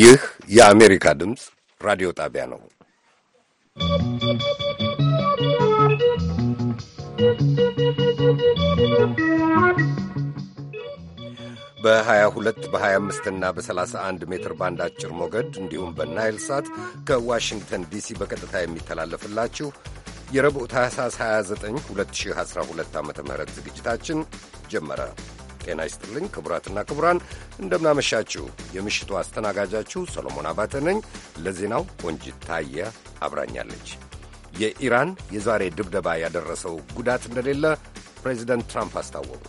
ይህ የአሜሪካ ድምፅ ራዲዮ ጣቢያ ነው። በ22 በ25 እና በ31 ሜትር ባንድ አጭር ሞገድ እንዲሁም በናይል ሳት ከዋሽንግተን ዲሲ በቀጥታ የሚተላለፍላችሁ የረቡዕ ታህሳስ 29 2012 ዓ ም ዝግጅታችን ጀመረ። ጤና ይስጥልኝ ክቡራትና ክቡራን፣ እንደምናመሻችሁ። የምሽቱ አስተናጋጃችሁ ሰሎሞን አባተ ነኝ። ለዜናው ቆንጂት ታየ አብራኛለች። የኢራን የዛሬ ድብደባ ያደረሰው ጉዳት እንደሌለ ፕሬዚደንት ትራምፕ አስታወቁ።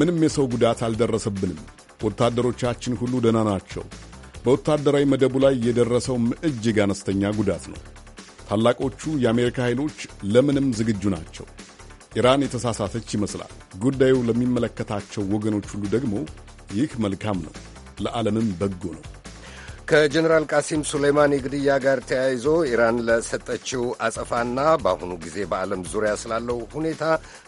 ምንም የሰው ጉዳት አልደረሰብንም። ወታደሮቻችን ሁሉ ደህና ናቸው። በወታደራዊ መደቡ ላይ የደረሰውም እጅግ አነስተኛ ጉዳት ነው። ታላቆቹ የአሜሪካ ኃይሎች ለምንም ዝግጁ ናቸው። ኢራን የተሳሳተች ይመስላል። ጉዳዩ ለሚመለከታቸው ወገኖች ሁሉ ደግሞ ይህ መልካም ነው፣ ለዓለምም በጎ ነው። ከጀኔራል ቃሲም ሱሌይማኒ ግድያ ጋር ተያይዞ ኢራን ለሰጠችው አጸፋና በአሁኑ ጊዜ በዓለም ዙሪያ ስላለው ሁኔታ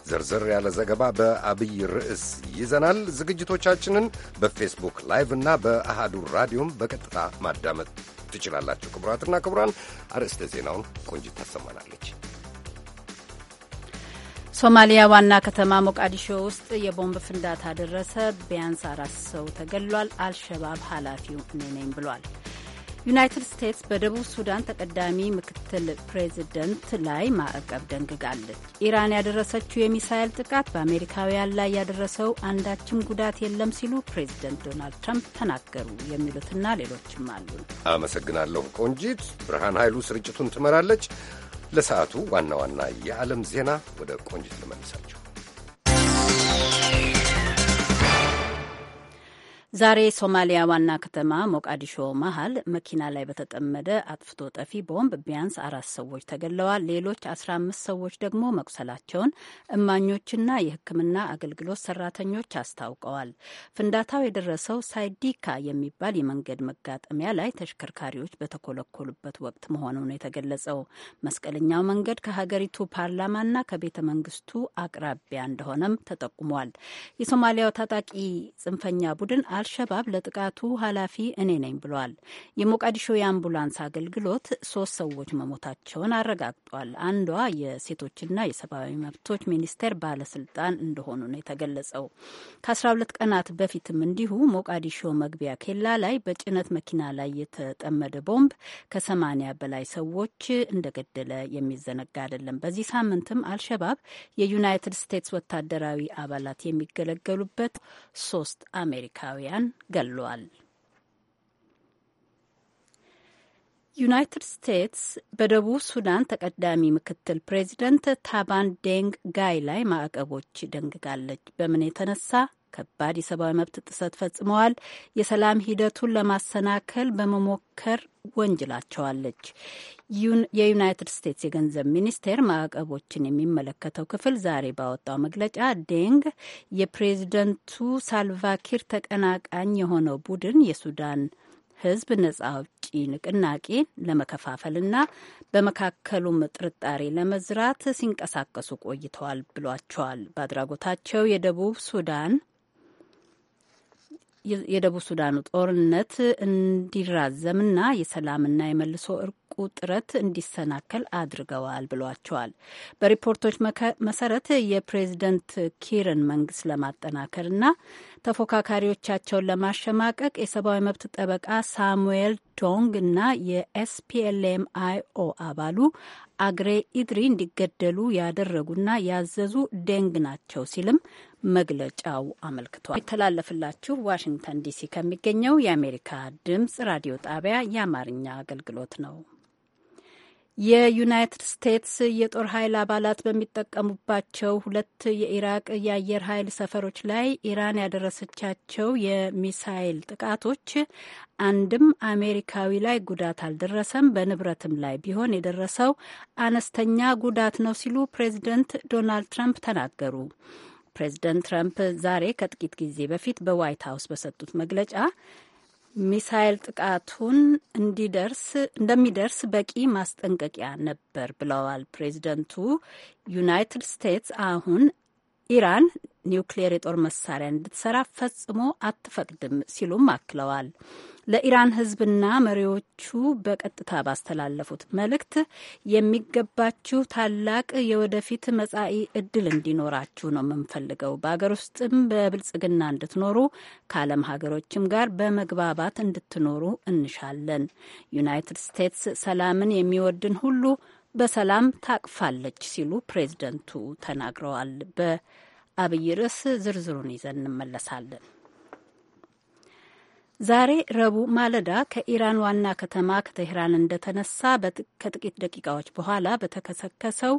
ዝርዝር ያለ ዘገባ በአብይ ርዕስ ይዘናል። ዝግጅቶቻችንን በፌስቡክ ላይቭ እና በአሃዱ ራዲዮም በቀጥታ ማዳመጥ ትችላላችሁ። ክቡራትና ክቡራን፣ አርዕስተ ዜናውን ቆንጅት ታሰማናለች። ሶማሊያ ዋና ከተማ ሞቃዲሾ ውስጥ የቦምብ ፍንዳታ ደረሰ። ቢያንስ አራት ሰው ተገሏል። አልሸባብ ኃላፊው እኔ ነኝ ብሏል። ዩናይትድ ስቴትስ በደቡብ ሱዳን ተቀዳሚ ምክትል ፕሬዚደንት ላይ ማዕቀብ ደንግጋለች። ኢራን ያደረሰችው የሚሳኤል ጥቃት በአሜሪካውያን ላይ ያደረሰው አንዳችም ጉዳት የለም ሲሉ ፕሬዚደንት ዶናልድ ትራምፕ ተናገሩ። የሚሉትና ሌሎችም አሉ። አመሰግናለሁ ቆንጂት። ብርሃን ኃይሉ ስርጭቱን ትመራለች። ለሰዓቱ ዋና ዋና የዓለም ዜና ወደ ቆንጅት ልመልሳችሁ። ዛሬ ሶማሊያ ዋና ከተማ ሞቃዲሾ መሀል መኪና ላይ በተጠመደ አጥፍቶ ጠፊ ቦምብ ቢያንስ አራት ሰዎች ተገለዋል። ሌሎች አስራ አምስት ሰዎች ደግሞ መቁሰላቸውን እማኞችና የሕክምና አገልግሎት ሰራተኞች አስታውቀዋል። ፍንዳታው የደረሰው ሳይዲካ የሚባል የመንገድ መጋጠሚያ ላይ ተሽከርካሪዎች በተኮለኮሉበት ወቅት መሆኑ ነው የተገለጸው። መስቀለኛው መንገድ ከሀገሪቱ ፓርላማና ከቤተ መንግስቱ አቅራቢያ እንደሆነም ተጠቁሟል። የሶማሊያው ታጣቂ ጽንፈኛ ቡድን አልሸባብ ለጥቃቱ ኃላፊ እኔ ነኝ ብሏል። የሞቃዲሾ የአምቡላንስ አገልግሎት ሶስት ሰዎች መሞታቸውን አረጋግጧል። አንዷ የሴቶችና የሰብአዊ መብቶች ሚኒስቴር ባለስልጣን እንደሆኑ ነው የተገለጸው። ከ12 ቀናት በፊትም እንዲሁ ሞቃዲሾ መግቢያ ኬላ ላይ በጭነት መኪና ላይ የተጠመደ ቦምብ ከ80 በላይ ሰዎች እንደገደለ የሚዘነጋ አይደለም። በዚህ ሳምንትም አልሸባብ የዩናይትድ ስቴትስ ወታደራዊ አባላት የሚገለገሉበት ሶስት አሜሪካውያን ኢትዮጵያውያን ገሏል። ዩናይትድ ስቴትስ በደቡብ ሱዳን ተቀዳሚ ምክትል ፕሬዚደንት ታባን ዴንግ ጋይ ላይ ማዕቀቦች ደንግጋለች። በምን የተነሳ ከባድ የሰብአዊ መብት ጥሰት ፈጽመዋል፣ የሰላም ሂደቱን ለማሰናከል በመሞከር ወንጅላቸዋለች። የዩናይትድ ስቴትስ የገንዘብ ሚኒስቴር ማዕቀቦችን የሚመለከተው ክፍል ዛሬ ባወጣው መግለጫ ዴንግ የፕሬዝደንቱ ሳልቫኪር ተቀናቃኝ የሆነው ቡድን የሱዳን ሕዝብ ነጻ አውጪ ንቅናቄ ለመከፋፈልና በመካከሉም ጥርጣሬ ለመዝራት ሲንቀሳቀሱ ቆይተዋል ብሏቸዋል። በአድራጎታቸው የደቡብ ሱዳን የደቡብ ሱዳኑ ጦርነት እንዲራዘምና የሰላምና የመልሶ እርቁ ጥረት እንዲሰናከል አድርገዋል ብሏቸዋል። በሪፖርቶች መሰረት የፕሬዝደንት ኪርን መንግስት ለማጠናከርና ተፎካካሪዎቻቸውን ለማሸማቀቅ የሰብአዊ መብት ጠበቃ ሳሙኤል ዶንግ እና የኤስፒኤልኤም አይኦ አባሉ አግሬ ኢድሪ እንዲገደሉ ያደረጉና ያዘዙ ዴንግ ናቸው ሲልም መግለጫው አመልክቷል። የተላለፍላችሁ ዋሽንግተን ዲሲ ከሚገኘው የአሜሪካ ድምጽ ራዲዮ ጣቢያ የአማርኛ አገልግሎት ነው። የዩናይትድ ስቴትስ የጦር ኃይል አባላት በሚጠቀሙባቸው ሁለት የኢራቅ የአየር ኃይል ሰፈሮች ላይ ኢራን ያደረሰቻቸው የሚሳይል ጥቃቶች አንድም አሜሪካዊ ላይ ጉዳት አልደረሰም፣ በንብረትም ላይ ቢሆን የደረሰው አነስተኛ ጉዳት ነው ሲሉ ፕሬዚደንት ዶናልድ ትራምፕ ተናገሩ። ፕሬዚደንት ትራምፕ ዛሬ ከጥቂት ጊዜ በፊት በዋይት ሀውስ በሰጡት መግለጫ ሚሳይል ጥቃቱን እንዲደርስ እንደሚደርስ በቂ ማስጠንቀቂያ ነበር ብለዋል። ፕሬዚደንቱ ዩናይትድ ስቴትስ አሁን ኢራን ኒውክሌር የጦር መሳሪያ እንድትሰራ ፈጽሞ አትፈቅድም ሲሉም አክለዋል። ለኢራን ሕዝብና መሪዎቹ በቀጥታ ባስተላለፉት መልእክት የሚገባችሁ ታላቅ የወደፊት መጻኢ እድል እንዲኖራችሁ ነው የምንፈልገው። በሀገር ውስጥም በብልጽግና እንድትኖሩ ከዓለም ሀገሮችም ጋር በመግባባት እንድትኖሩ እንሻለን። ዩናይትድ ስቴትስ ሰላምን የሚወድን ሁሉ በሰላም ታቅፋለች ሲሉ ፕሬዝደንቱ ተናግረዋል። አብይ ርዕስ ዝርዝሩን ይዘን እንመለሳለን። ዛሬ ረቡዕ ማለዳ ከኢራን ዋና ከተማ ከቴህራን እንደተነሳ ከጥቂት ደቂቃዎች በኋላ በተከሰከሰው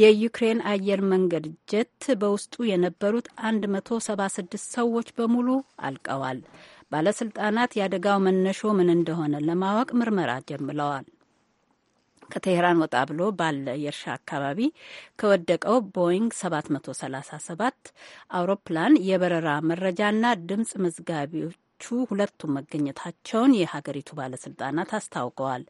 የዩክሬን አየር መንገድ ጀት በውስጡ የነበሩት 176 ሰዎች በሙሉ አልቀዋል። ባለስልጣናት የአደጋው መነሾ ምን እንደሆነ ለማወቅ ምርመራ ጀምረዋል። ከቴህራን ወጣ ብሎ ባለ የእርሻ አካባቢ ከወደቀው ቦይንግ 737 አውሮፕላን የበረራ መረጃና ድምፅ መዝጋቢዎቹ ሁለቱም መገኘታቸውን የሀገሪቱ ባለስልጣናት አስታውቀዋል።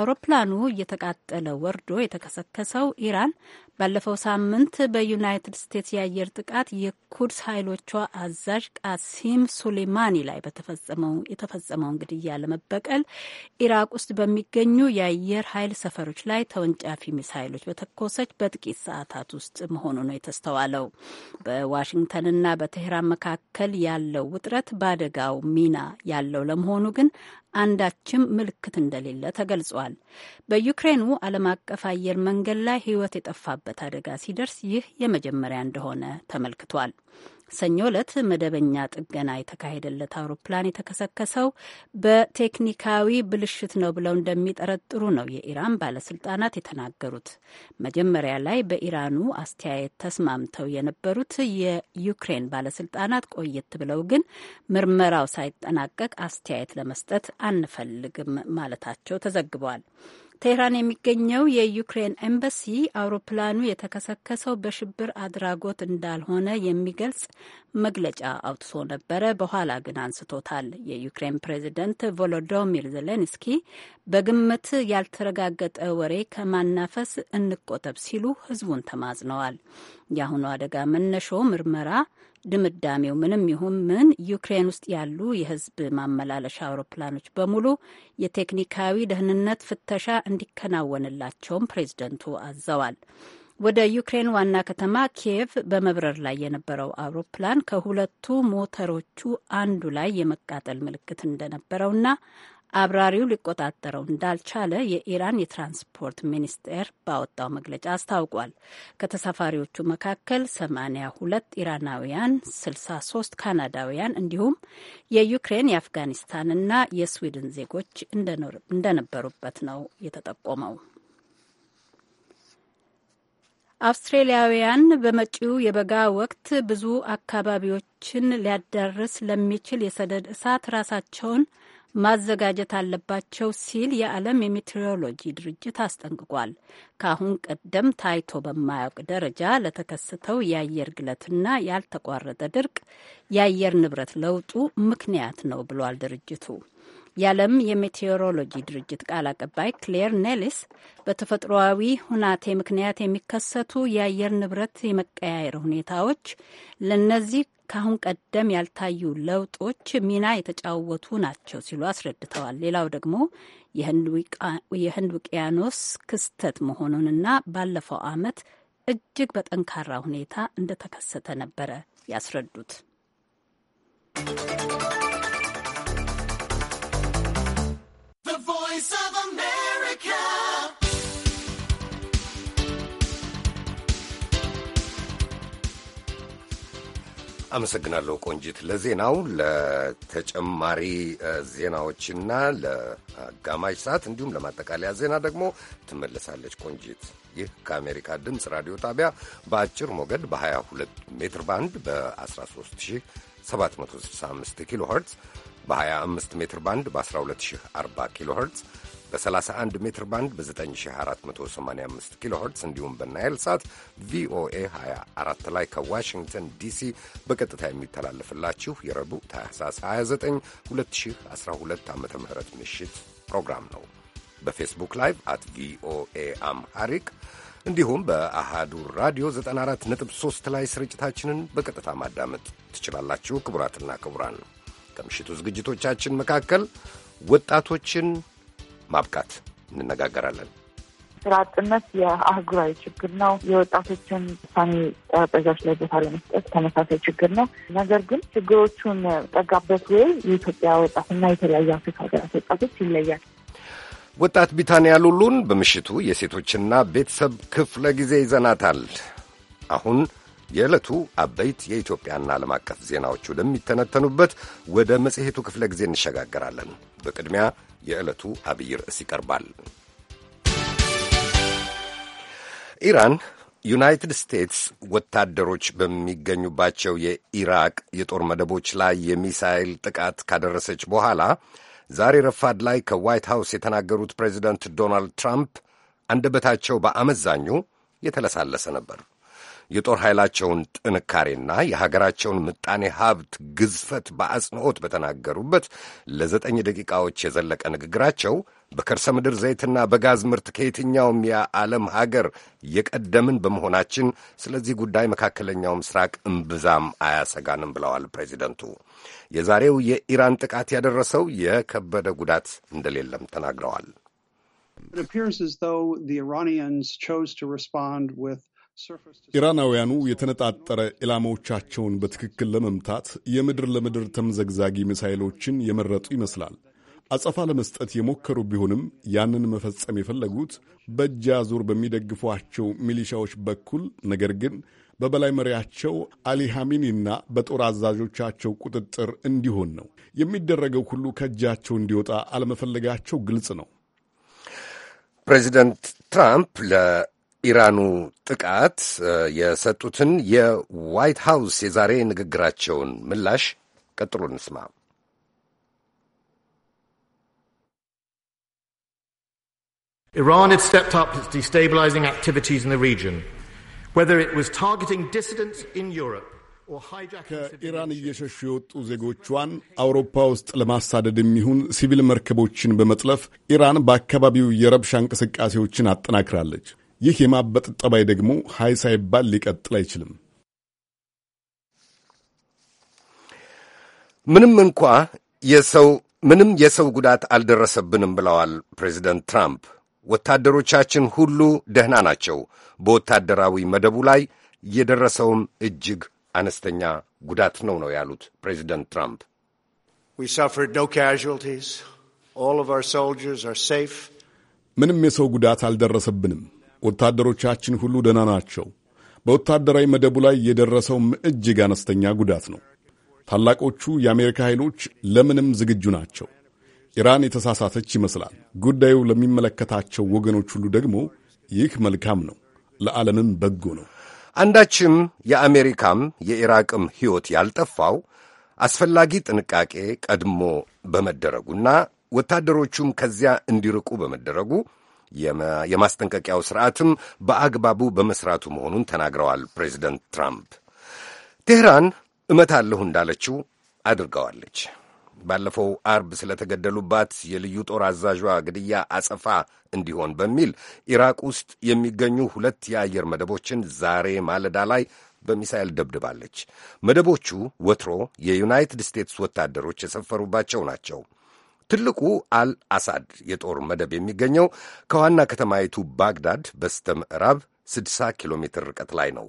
አውሮፕላኑ እየተቃጠለ ወርዶ የተከሰከሰው ኢራን ባለፈው ሳምንት በዩናይትድ ስቴትስ የአየር ጥቃት የኩድስ ኃይሎቿ አዛዥ ቃሲም ሱሌማኒ ላይ የተፈጸመውን ግድያ ለመበቀል ኢራቅ ውስጥ በሚገኙ የአየር ኃይል ሰፈሮች ላይ ተወንጫፊ ሚሳይሎች በተኮሰች በጥቂት ሰዓታት ውስጥ መሆኑ ነው የተስተዋለው። በዋሽንግተንና በቴህራን መካከል ያለው ውጥረት በአደጋው ሚና ያለው ለመሆኑ ግን አንዳችም ምልክት እንደሌለ ተገልጿል። በዩክሬኑ ዓለም አቀፍ አየር መንገድ ላይ ሕይወት የጠፋበት አደጋ ሲደርስ ይህ የመጀመሪያ እንደሆነ ተመልክቷል። ሰኞ ዕለት መደበኛ ጥገና የተካሄደለት አውሮፕላን የተከሰከሰው በቴክኒካዊ ብልሽት ነው ብለው እንደሚጠረጥሩ ነው የኢራን ባለስልጣናት የተናገሩት። መጀመሪያ ላይ በኢራኑ አስተያየት ተስማምተው የነበሩት የዩክሬን ባለስልጣናት ቆየት ብለው ግን ምርመራው ሳይጠናቀቅ አስተያየት ለመስጠት አንፈልግም ማለታቸው ተዘግቧል። ቴህራን የሚገኘው የዩክሬን ኤምባሲ አውሮፕላኑ የተከሰከሰው በሽብር አድራጎት እንዳልሆነ የሚገልጽ መግለጫ አውጥቶ ነበረ። በኋላ ግን አንስቶታል። የዩክሬን ፕሬዚደንት ቮሎዶሚር ዘሌንስኪ በግምት ያልተረጋገጠ ወሬ ከማናፈስ እንቆጠብ ሲሉ ህዝቡን ተማጽነዋል። የአሁኑ አደጋ መነሾ ምርመራ ድምዳሜው ምንም ይሁን ምን ዩክሬን ውስጥ ያሉ የህዝብ ማመላለሻ አውሮፕላኖች በሙሉ የቴክኒካዊ ደህንነት ፍተሻ እንዲከናወንላቸውም ፕሬዝደንቱ አዘዋል። ወደ ዩክሬን ዋና ከተማ ኪየቭ በመብረር ላይ የነበረው አውሮፕላን ከሁለቱ ሞተሮቹ አንዱ ላይ የመቃጠል ምልክት እንደነበረውና አብራሪው ሊቆጣጠረው እንዳልቻለ የኢራን የትራንስፖርት ሚኒስቴር ባወጣው መግለጫ አስታውቋል። ከተሳፋሪዎቹ መካከል 82 ኢራናውያን፣ 63 ካናዳውያን እንዲሁም የዩክሬን የአፍጋኒስታንና የስዊድን ዜጎች እንደነበሩበት ነው የተጠቆመው። አውስትሬሊያውያን በመጪው የበጋ ወቅት ብዙ አካባቢዎችን ሊያዳርስ ለሚችል የሰደድ እሳት ራሳቸውን ማዘጋጀት አለባቸው ሲል የዓለም የሜትሮሎጂ ድርጅት አስጠንቅቋል። ከአሁን ቀደም ታይቶ በማያውቅ ደረጃ ለተከሰተው የአየር ግለትና ያልተቋረጠ ድርቅ የአየር ንብረት ለውጡ ምክንያት ነው ብሏል ድርጅቱ። የዓለም የሜቴዎሮሎጂ ድርጅት ቃል አቀባይ ክሌር ኔሊስ በተፈጥሯዊ ሁናቴ ምክንያት የሚከሰቱ የአየር ንብረት የመቀያየር ሁኔታዎች ለነዚህ ከአሁን ቀደም ያልታዩ ለውጦች ሚና የተጫወቱ ናቸው ሲሉ አስረድተዋል። ሌላው ደግሞ የህንድ ውቅያኖስ ክስተት መሆኑንና ባለፈው ዓመት እጅግ በጠንካራ ሁኔታ እንደተከሰተ ነበረ ያስረዱት። አመሰግናለሁ ቆንጂት ለዜናው። ለተጨማሪ ዜናዎችና ለአጋማሽ ሰዓት እንዲሁም ለማጠቃለያ ዜና ደግሞ ትመለሳለች ቆንጂት። ይህ ከአሜሪካ ድምፅ ራዲዮ ጣቢያ በአጭር ሞገድ በ22 ሜትር ባንድ በ13765 ኪሎ ኸርትዝ በ25 ሜትር ባንድ በ1240 ኪሎ ኸርትዝ በ31 ሜትር ባንድ በ9485 ኪሎ እንዲሁም በናይል ሳት ቪኦኤ 24 ላይ ከዋሽንግተን ዲሲ በቀጥታ የሚተላለፍላችሁ የረቡዕ ታህሳስ 29 2012 ዓ ም ምሽት ፕሮግራም ነው። በፌስቡክ ላይቭ አት ቪኦኤ አምሃሪክ እንዲሁም በአሃዱ ራዲዮ 94.3 ላይ ስርጭታችንን በቀጥታ ማዳመጥ ትችላላችሁ። ክቡራትና ክቡራን ከምሽቱ ዝግጅቶቻችን መካከል ወጣቶችን ማብቃት እንነጋገራለን። ስራ አጥነት የአህጉራዊ ችግር ነው። የወጣቶችን ውሳኔ ጠረጴዛዎች ላይ ቦታ ለመስጠት ተመሳሳይ ችግር ነው። ነገር ግን ችግሮቹን ጠጋበት ወይ የኢትዮጵያ ወጣትና የተለያዩ አፍሪካ ሀገራት ወጣቶች ይለያል። ወጣት ቢታንያ ሉሉን በምሽቱ የሴቶችና ቤተሰብ ክፍለ ጊዜ ይዘናታል። አሁን የዕለቱ አበይት የኢትዮጵያና ዓለም አቀፍ ዜናዎች ወደሚተነተኑበት ወደ መጽሔቱ ክፍለ ጊዜ እንሸጋገራለን። በቅድሚያ የዕለቱ አብይ ርዕስ ይቀርባል። ኢራን ዩናይትድ ስቴትስ ወታደሮች በሚገኙባቸው የኢራቅ የጦር መደቦች ላይ የሚሳይል ጥቃት ካደረሰች በኋላ ዛሬ ረፋድ ላይ ከዋይት ሃውስ የተናገሩት ፕሬዚደንት ዶናልድ ትራምፕ አንደበታቸው በአመዛኙ የተለሳለሰ ነበር። የጦር ኃይላቸውን ጥንካሬና የሀገራቸውን ምጣኔ ሀብት ግዝፈት በአጽንኦት በተናገሩበት ለዘጠኝ ደቂቃዎች የዘለቀ ንግግራቸው በከርሰ ምድር ዘይትና በጋዝ ምርት ከየትኛውም የዓለም ሀገር የቀደምን በመሆናችን ስለዚህ ጉዳይ መካከለኛው ምስራቅ እምብዛም አያሰጋንም ብለዋል ፕሬዚደንቱ። የዛሬው የኢራን ጥቃት ያደረሰው የከበደ ጉዳት እንደሌለም ተናግረዋል። It appears as though the Iranians chose to respond with ኢራናውያኑ የተነጣጠረ ኢላማዎቻቸውን በትክክል ለመምታት የምድር ለምድር ተምዘግዛጊ ሚሳይሎችን የመረጡ ይመስላል። አጸፋ ለመስጠት የሞከሩ ቢሆንም ያንን መፈጸም የፈለጉት በእጅ አዙር በሚደግፏቸው ሚሊሻዎች በኩል ነገር ግን በበላይ መሪያቸው አሊ ሐሚኒና በጦር አዛዦቻቸው ቁጥጥር እንዲሆን ነው። የሚደረገው ሁሉ ከእጃቸው እንዲወጣ አለመፈለጋቸው ግልጽ ነው። ፕሬዚደንት ትራምፕ ኢራኑ ጥቃት የሰጡትን የዋይት ሃውስ የዛሬ ንግግራቸውን ምላሽ ቀጥሎ እንስማ። Iran had stepped up its destabilizing activities in the region, whether it was targeting dissidents in Europe or hijacking ከኢራን እየሸሹ የወጡ ዜጎቿን አውሮፓ ውስጥ ለማሳደድ የሚሆን ሲቪል መርከቦችን በመጥለፍ ኢራን በአካባቢው የረብሻ እንቅስቃሴዎችን አጠናክራለች። ይህ የማበጥ ጠባይ ደግሞ ሀይ ሳይባል ሊቀጥል አይችልም። ምንም እንኳ የሰው ምንም የሰው ጉዳት አልደረሰብንም ብለዋል ፕሬዚደንት ትራምፕ። ወታደሮቻችን ሁሉ ደህና ናቸው። በወታደራዊ መደቡ ላይ የደረሰውም እጅግ አነስተኛ ጉዳት ነው ነው ያሉት ፕሬዚደንት ትራምፕ። ምንም የሰው ጉዳት አልደረሰብንም። ወታደሮቻችን ሁሉ ደህና ናቸው። በወታደራዊ መደቡ ላይ የደረሰውም እጅግ አነስተኛ ጉዳት ነው። ታላቆቹ የአሜሪካ ኃይሎች ለምንም ዝግጁ ናቸው። ኢራን የተሳሳተች ይመስላል። ጉዳዩ ለሚመለከታቸው ወገኖች ሁሉ ደግሞ ይህ መልካም ነው፣ ለዓለምም በጎ ነው። አንዳችም የአሜሪካም የኢራቅም ሕይወት ያልጠፋው አስፈላጊ ጥንቃቄ ቀድሞ በመደረጉና ወታደሮቹም ከዚያ እንዲርቁ በመደረጉ የማስጠንቀቂያው ስርዓትም በአግባቡ በመስራቱ መሆኑን ተናግረዋል። ፕሬዚደንት ትራምፕ ቴህራን እመታለሁ እንዳለችው አድርገዋለች። ባለፈው አርብ ስለተገደሉባት የልዩ ጦር አዛዧ ግድያ አጸፋ እንዲሆን በሚል ኢራቅ ውስጥ የሚገኙ ሁለት የአየር መደቦችን ዛሬ ማለዳ ላይ በሚሳይል ደብድባለች። መደቦቹ ወትሮ የዩናይትድ ስቴትስ ወታደሮች የሰፈሩባቸው ናቸው። ትልቁ አል አሳድ የጦር መደብ የሚገኘው ከዋና ከተማይቱ ባግዳድ በስተ ምዕራብ 60 ኪሎ ሜትር ርቀት ላይ ነው።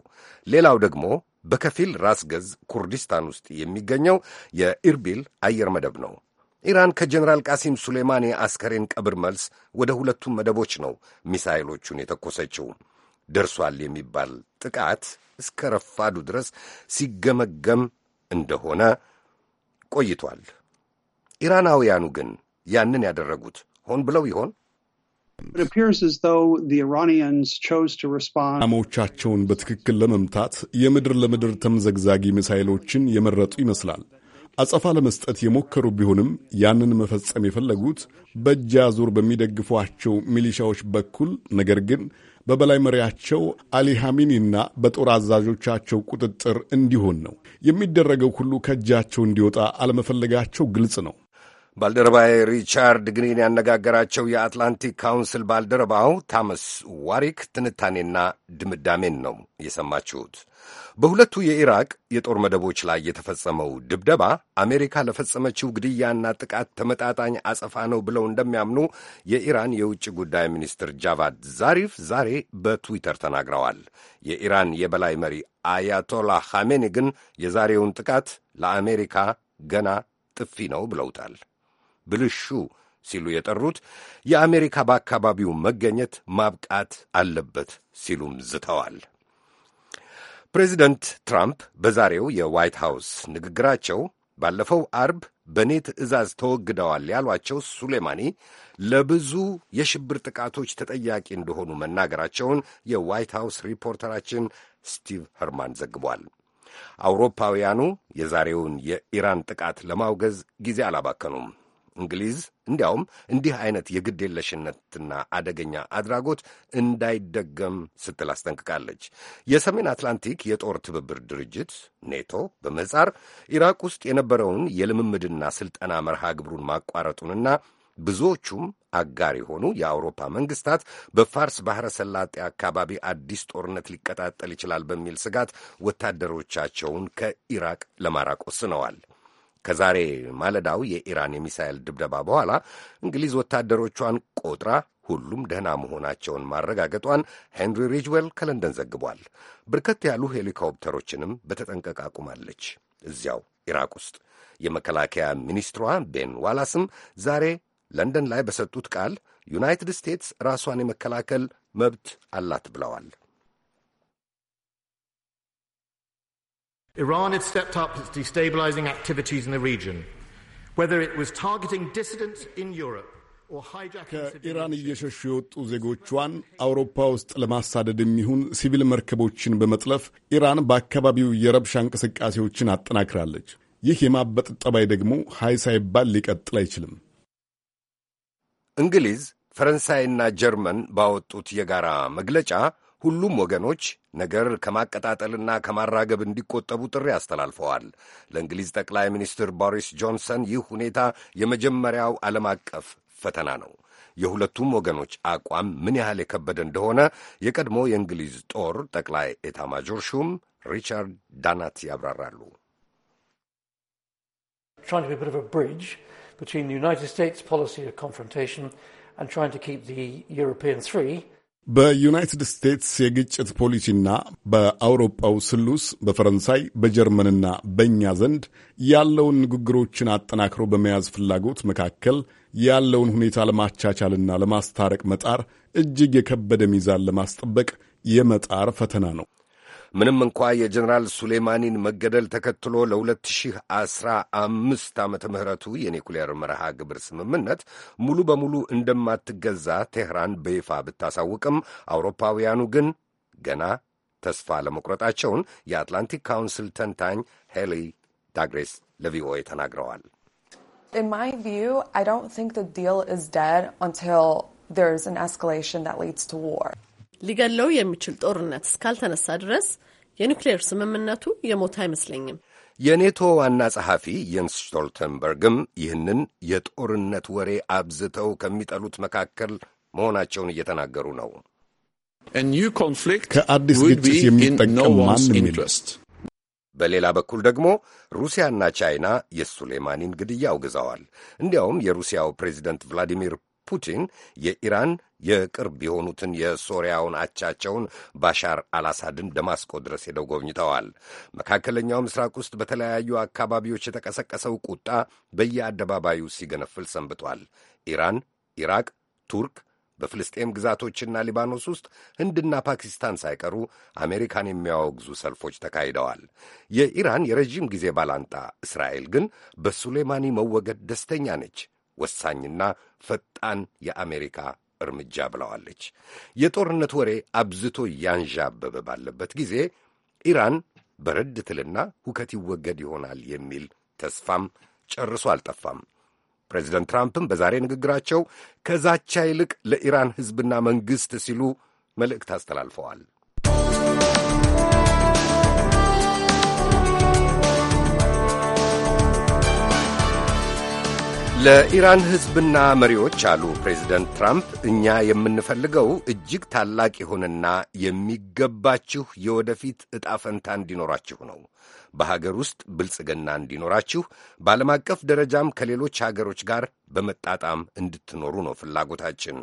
ሌላው ደግሞ በከፊል ራስ ገዝ ኩርዲስታን ውስጥ የሚገኘው የኢርቢል አየር መደብ ነው። ኢራን ከጀኔራል ቃሲም ሱሌማኒ አስከሬን ቀብር መልስ ወደ ሁለቱም መደቦች ነው ሚሳይሎቹን የተኮሰችው። ደርሷል የሚባል ጥቃት እስከ ረፋዱ ድረስ ሲገመገም እንደሆነ ቆይቷል። ኢራናውያኑ ግን ያንን ያደረጉት ሆን ብለው ይሆን? ኢላማዎቻቸውን በትክክል ለመምታት የምድር ለምድር ተምዘግዛጊ ሚሳይሎችን የመረጡ ይመስላል። አጸፋ ለመስጠት የሞከሩ ቢሆንም ያንን መፈጸም የፈለጉት በእጅ አዙር በሚደግፏቸው ሚሊሻዎች በኩል ነገር ግን በበላይ መሪያቸው አሊ ሐሚኒና በጦር አዛዦቻቸው ቁጥጥር እንዲሆን ነው። የሚደረገው ሁሉ ከእጃቸው እንዲወጣ አለመፈለጋቸው ግልጽ ነው። ባልደረባዬ ሪቻርድ ግሪን ያነጋገራቸው የአትላንቲክ ካውንስል ባልደረባው ታመስ ዋሪክ ትንታኔና ድምዳሜን ነው የሰማችሁት። በሁለቱ የኢራቅ የጦር መደቦች ላይ የተፈጸመው ድብደባ አሜሪካ ለፈጸመችው ግድያና ጥቃት ተመጣጣኝ አጸፋ ነው ብለው እንደሚያምኑ የኢራን የውጭ ጉዳይ ሚኒስትር ጃቫድ ዛሪፍ ዛሬ በትዊተር ተናግረዋል። የኢራን የበላይ መሪ አያቶላ ሐሜኒ ግን የዛሬውን ጥቃት ለአሜሪካ ገና ጥፊ ነው ብለውታል። ብልሹ ሲሉ የጠሩት የአሜሪካ በአካባቢው መገኘት ማብቃት አለበት ሲሉም ዝተዋል። ፕሬዚደንት ትራምፕ በዛሬው የዋይት ሃውስ ንግግራቸው ባለፈው አርብ በእኔ ትዕዛዝ ተወግደዋል ያሏቸው ሱሌማኒ ለብዙ የሽብር ጥቃቶች ተጠያቂ እንደሆኑ መናገራቸውን የዋይት ሃውስ ሪፖርተራችን ስቲቭ ኸርማን ዘግቧል። አውሮፓውያኑ የዛሬውን የኢራን ጥቃት ለማውገዝ ጊዜ አላባከኑም። እንግሊዝ እንዲያውም እንዲህ አይነት የግድ የለሽነትና አደገኛ አድራጎት እንዳይደገም ስትል አስጠንቅቃለች። የሰሜን አትላንቲክ የጦር ትብብር ድርጅት ኔቶ በምህጻር ኢራቅ ውስጥ የነበረውን የልምምድና ስልጠና መርሃ ግብሩን ማቋረጡንና ብዙዎቹም አጋር የሆኑ የአውሮፓ መንግስታት በፋርስ ባሕረ ሰላጤ አካባቢ አዲስ ጦርነት ሊቀጣጠል ይችላል በሚል ስጋት ወታደሮቻቸውን ከኢራቅ ለማራቅ ወስነዋል። ከዛሬ ማለዳው የኢራን የሚሳኤል ድብደባ በኋላ እንግሊዝ ወታደሮቿን ቆጥራ ሁሉም ደህና መሆናቸውን ማረጋገጧን ሄንሪ ሪጅዌል ከለንደን ዘግቧል። በርከት ያሉ ሄሊኮፕተሮችንም በተጠንቀቅ አቁማለች እዚያው ኢራቅ ውስጥ። የመከላከያ ሚኒስትሯ ቤን ዋላስም ዛሬ ለንደን ላይ በሰጡት ቃል ዩናይትድ ስቴትስ ራሷን የመከላከል መብት አላት ብለዋል። Iran had stepped up its destabilizing activities in the region, whether it was targeting dissidents in Europe. ከኢራን እየሸሹ የወጡ ዜጎቿን አውሮፓ ውስጥ ለማሳደድ የሚሆን ሲቪል መርከቦችን በመጥለፍ ኢራን በአካባቢው የረብሻ እንቅስቃሴዎችን አጠናክራለች። ይህ የማበጥ ጠባይ ደግሞ ሀይ ሳይባል ሊቀጥል አይችልም። እንግሊዝ፣ ፈረንሳይና ጀርመን ባወጡት የጋራ መግለጫ ሁሉም ወገኖች ነገር ከማቀጣጠልና ከማራገብ እንዲቆጠቡ ጥሪ አስተላልፈዋል። ለእንግሊዝ ጠቅላይ ሚኒስትር ቦሪስ ጆንሰን ይህ ሁኔታ የመጀመሪያው ዓለም አቀፍ ፈተና ነው። የሁለቱም ወገኖች አቋም ምን ያህል የከበደ እንደሆነ የቀድሞ የእንግሊዝ ጦር ጠቅላይ ኤታማጆር ሹም ሪቻርድ ዳናት ያብራራሉ። ዩናይትድ ስቴትስ ፖሊሲ ኮንፍሮንቴሽን ኤንድ ትራይንግ ቱ ኪፕ ዘ ዩሮፒያን በዩናይትድ ስቴትስ የግጭት ፖሊሲና በአውሮፓው ስሉስ በፈረንሳይ በጀርመንና በእኛ ዘንድ ያለውን ንግግሮችን አጠናክሮ በመያዝ ፍላጎት መካከል ያለውን ሁኔታ ለማቻቻልና ለማስታረቅ መጣር እጅግ የከበደ ሚዛን ለማስጠበቅ የመጣር ፈተና ነው። ምንም እንኳ የጀኔራል ሱሌማኒን መገደል ተከትሎ ለ2015 ዓመተ ምህረቱ የኒኩሌር መርሃ ግብር ስምምነት ሙሉ በሙሉ እንደማትገዛ ቴህራን በይፋ ብታሳውቅም አውሮፓውያኑ ግን ገና ተስፋ ለመቁረጣቸውን የአትላንቲክ ካውንስል ተንታኝ ሄሊ ዳግሬስ ለቪኦኤ ተናግረዋል። ሊገለው የሚችል ጦርነት እስካልተነሳ ድረስ የኒውክሌር ስምምነቱ የሞት አይመስለኝም። የኔቶ ዋና ጸሐፊ የንስ ስቶልተንበርግም ይህንን የጦርነት ወሬ አብዝተው ከሚጠሉት መካከል መሆናቸውን እየተናገሩ ነው። ከአዲስ ግጭት የሚጠቀም ማንም በሌላ በኩል ደግሞ ሩሲያና ቻይና የሱሌማኒን ግድያ አውግዘዋል። እንዲያውም የሩሲያው ፕሬዚደንት ቭላዲሚር ፑቲን የኢራን የቅርብ የሆኑትን የሶሪያውን አቻቸውን ባሻር አልአሳድን ደማስቆ ድረስ ሄደው ጎብኝተዋል። መካከለኛው ምስራቅ ውስጥ በተለያዩ አካባቢዎች የተቀሰቀሰው ቁጣ በየአደባባዩ ሲገነፍል ሰንብቷል። ኢራን፣ ኢራቅ፣ ቱርክ በፍልስጤም ግዛቶችና ሊባኖስ ውስጥ ህንድና ፓኪስታን ሳይቀሩ አሜሪካን የሚያወግዙ ሰልፎች ተካሂደዋል። የኢራን የረዥም ጊዜ ባላንጣ እስራኤል ግን በሱሌማኒ መወገድ ደስተኛ ነች። ወሳኝና ፈጣን የአሜሪካ እርምጃ ብለዋለች። የጦርነት ወሬ አብዝቶ እያንዣበበ ባለበት ጊዜ ኢራን በረድ ትልና ሁከት ይወገድ ይሆናል የሚል ተስፋም ጨርሶ አልጠፋም። ፕሬዚደንት ትራምፕም በዛሬ ንግግራቸው ከዛቻ ይልቅ ለኢራን ሕዝብና መንግሥት ሲሉ መልእክት አስተላልፈዋል። ለኢራን ሕዝብና መሪዎች አሉ ፕሬዚደንት ትራምፕ፣ እኛ የምንፈልገው እጅግ ታላቅ የሆነና የሚገባችሁ የወደፊት ዕጣ ፈንታ እንዲኖራችሁ ነው። በሀገር ውስጥ ብልጽግና እንዲኖራችሁ፣ በዓለም አቀፍ ደረጃም ከሌሎች ሀገሮች ጋር በመጣጣም እንድትኖሩ ነው ፍላጎታችን።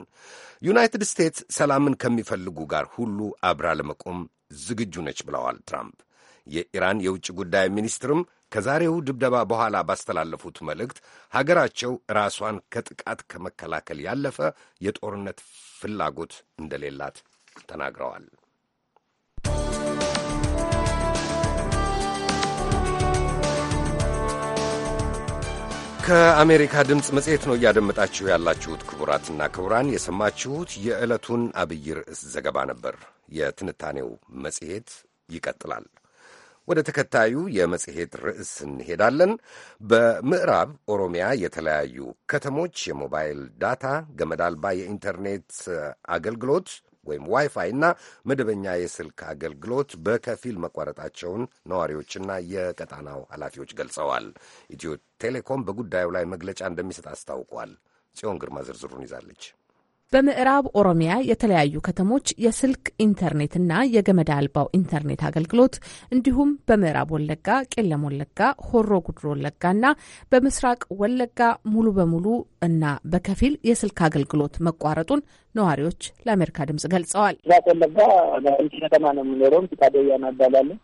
ዩናይትድ ስቴትስ ሰላምን ከሚፈልጉ ጋር ሁሉ አብራ ለመቆም ዝግጁ ነች ብለዋል ትራምፕ። የኢራን የውጭ ጉዳይ ሚኒስትርም ከዛሬው ድብደባ በኋላ ባስተላለፉት መልእክት ሀገራቸው ራሷን ከጥቃት ከመከላከል ያለፈ የጦርነት ፍላጎት እንደሌላት ተናግረዋል። ከአሜሪካ ድምፅ መጽሔት ነው እያደመጣችሁ ያላችሁት። ክቡራትና ክቡራን የሰማችሁት የዕለቱን አብይ ርዕስ ዘገባ ነበር። የትንታኔው መጽሔት ይቀጥላል። ወደ ተከታዩ የመጽሔት ርዕስ እንሄዳለን። በምዕራብ ኦሮሚያ የተለያዩ ከተሞች የሞባይል ዳታ፣ ገመድ አልባ የኢንተርኔት አገልግሎት ወይም ዋይፋይ እና መደበኛ የስልክ አገልግሎት በከፊል መቋረጣቸውን ነዋሪዎችና የቀጣናው ኃላፊዎች ገልጸዋል። ኢትዮ ቴሌኮም በጉዳዩ ላይ መግለጫ እንደሚሰጥ አስታውቋል። ጽዮን ግርማ ዝርዝሩን ይዛለች። በምዕራብ ኦሮሚያ የተለያዩ ከተሞች የስልክ ኢንተርኔትና የገመድ አልባው ኢንተርኔት አገልግሎት እንዲሁም በምዕራብ ወለጋ ቄለም ወለጋ፣ ሆሮ ጉድሮ ወለጋና በምስራቅ ወለጋ ሙሉ በሙሉ እና በከፊል የስልክ አገልግሎት መቋረጡን ነዋሪዎች ለአሜሪካ ድምጽ ገልጸዋል። ከተማ ነው የምኖረው። ፊታደያ